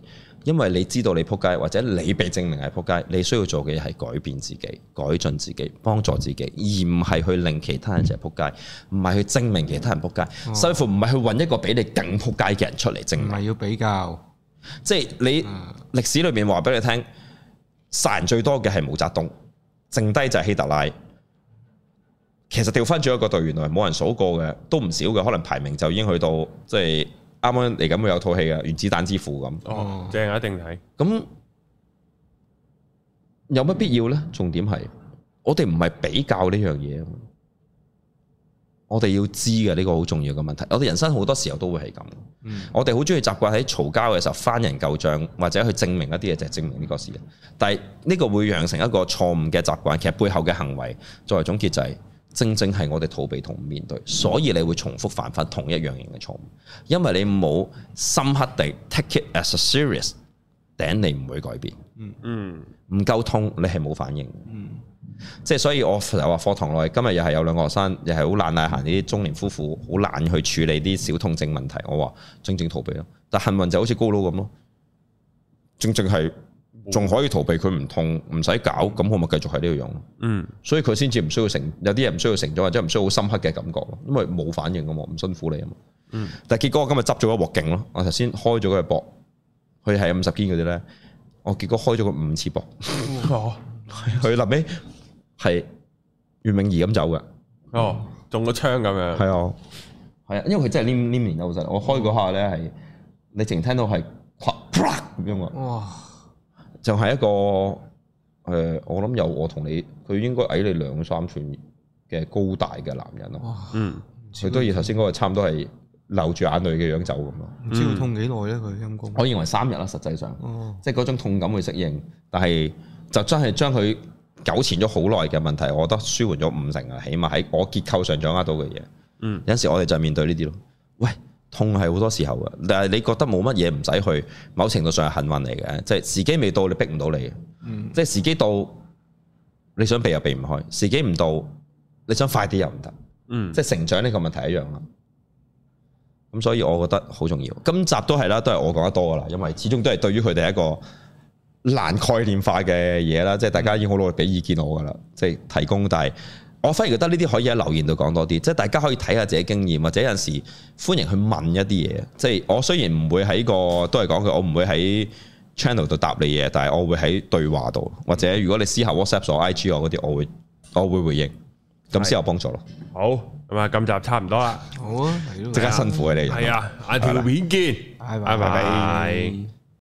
因為你知道你撲街，或者你被證明係撲街，你需要做嘅嘢係改變自己、改進自己、幫助自己，而唔係去令其他人就係撲街，唔係、嗯、去證明其他人撲街，甚至、哦、乎唔係去揾一個比你更撲街嘅人出嚟證明。唔係要比較，即係你、嗯、歷史裏面話俾你聽，殺人最多嘅係毛澤東，剩低就係希特拉。其實調翻轉一個隊，原來冇人數過嘅都唔少嘅，可能排名就已經去到即係。啱啱嚟緊會有套戲嘅《原子彈之父》咁，哦，正一定睇。咁有乜必要咧？重點係我哋唔係比較呢樣嘢，我哋要知嘅呢個好重要嘅問題。我哋人生好多時候都會係咁，嗯、我哋好中意習慣喺嘈交嘅時候翻人舊賬，或者去證明一啲嘢就係證明呢個事。但係呢個會養成一個錯誤嘅習慣，其實背後嘅行為作為總結就係。正正係我哋逃避同面對，所以你會重複犯法同一樣型嘅錯誤，因為你冇深刻地 take it as a serious，頂你唔會改變。嗯嗯，唔、嗯、溝通你係冇反應。嗯嗯、即係所以我成日話課堂內今日又係有兩個學生，又係好懶懶閒呢啲中年夫婦，好懶去處理啲小痛症問題。我話正正逃避咯，但幸運就好似高佬咁咯，正正係。仲可以逃避佢唔痛唔使搞，咁我咪繼續喺呢度用。嗯，所以佢先至唔需要成，有啲嘢唔需要成咗，或者唔需要好深刻嘅感覺，因為冇反應啊嘛，唔辛苦你啊嘛。嗯，但係結果我今日執咗一鑊勁咯，我頭先開咗個鑊，佢係五十肩嗰啲咧，我結果開咗佢五次鑊，佢、哦、 立尾係袁詠儀咁走嘅，哦，中個槍咁樣，係啊、嗯，係啊，因為佢真係黏黏黏得好實，我開嗰下咧係，你淨聽到係咁樣啊，哇！就係一個誒、呃，我諗有我同你，佢應該矮你兩三寸嘅高大嘅男人咯。哇嗯，佢都以頭先嗰個差唔多係流住眼淚嘅樣走咁咯。唔、嗯、知佢痛幾耐咧？佢陰公。我認為三日啦，實際上，哦、即係嗰種痛感會適應，但係就真係將佢糾纏咗好耐嘅問題，我覺得舒緩咗五成啊！起碼喺我結構上掌握到嘅嘢。嗯，有陣時我哋就面對呢啲咯。喂。痛係好多時候嘅，但係你覺得冇乜嘢唔使去，某程度上係幸運嚟嘅，即係時機未到，你逼唔到你嘅。嗯，即係時機到，你想避又避唔開；時機唔到，你想快啲又唔得。嗯，即係成長呢個問題一樣啦。咁所以我覺得好重要。今集都係啦，都係我講得多噶啦，因為始終都係對於佢哋一個難概念化嘅嘢啦，嗯，即係大家已經好努力俾意見我噶啦，即係提供，但係。我反而覺得呢啲可以喺留言度講多啲，即係大家可以睇下自己經驗或者有時歡迎去問一啲嘢。即係我雖然唔會喺個都係講嘅，我唔會喺 channel 度答你嘢，但係我會喺對話度，或者如果你私下 WhatsApp 我、IG 我嗰啲，我會我會回應，咁先有幫助咯、啊。好，咁啊，今集差唔多啦。好啊，即刻、啊、辛苦你哋。係啊，下條片拜見。拜拜。拜拜拜拜。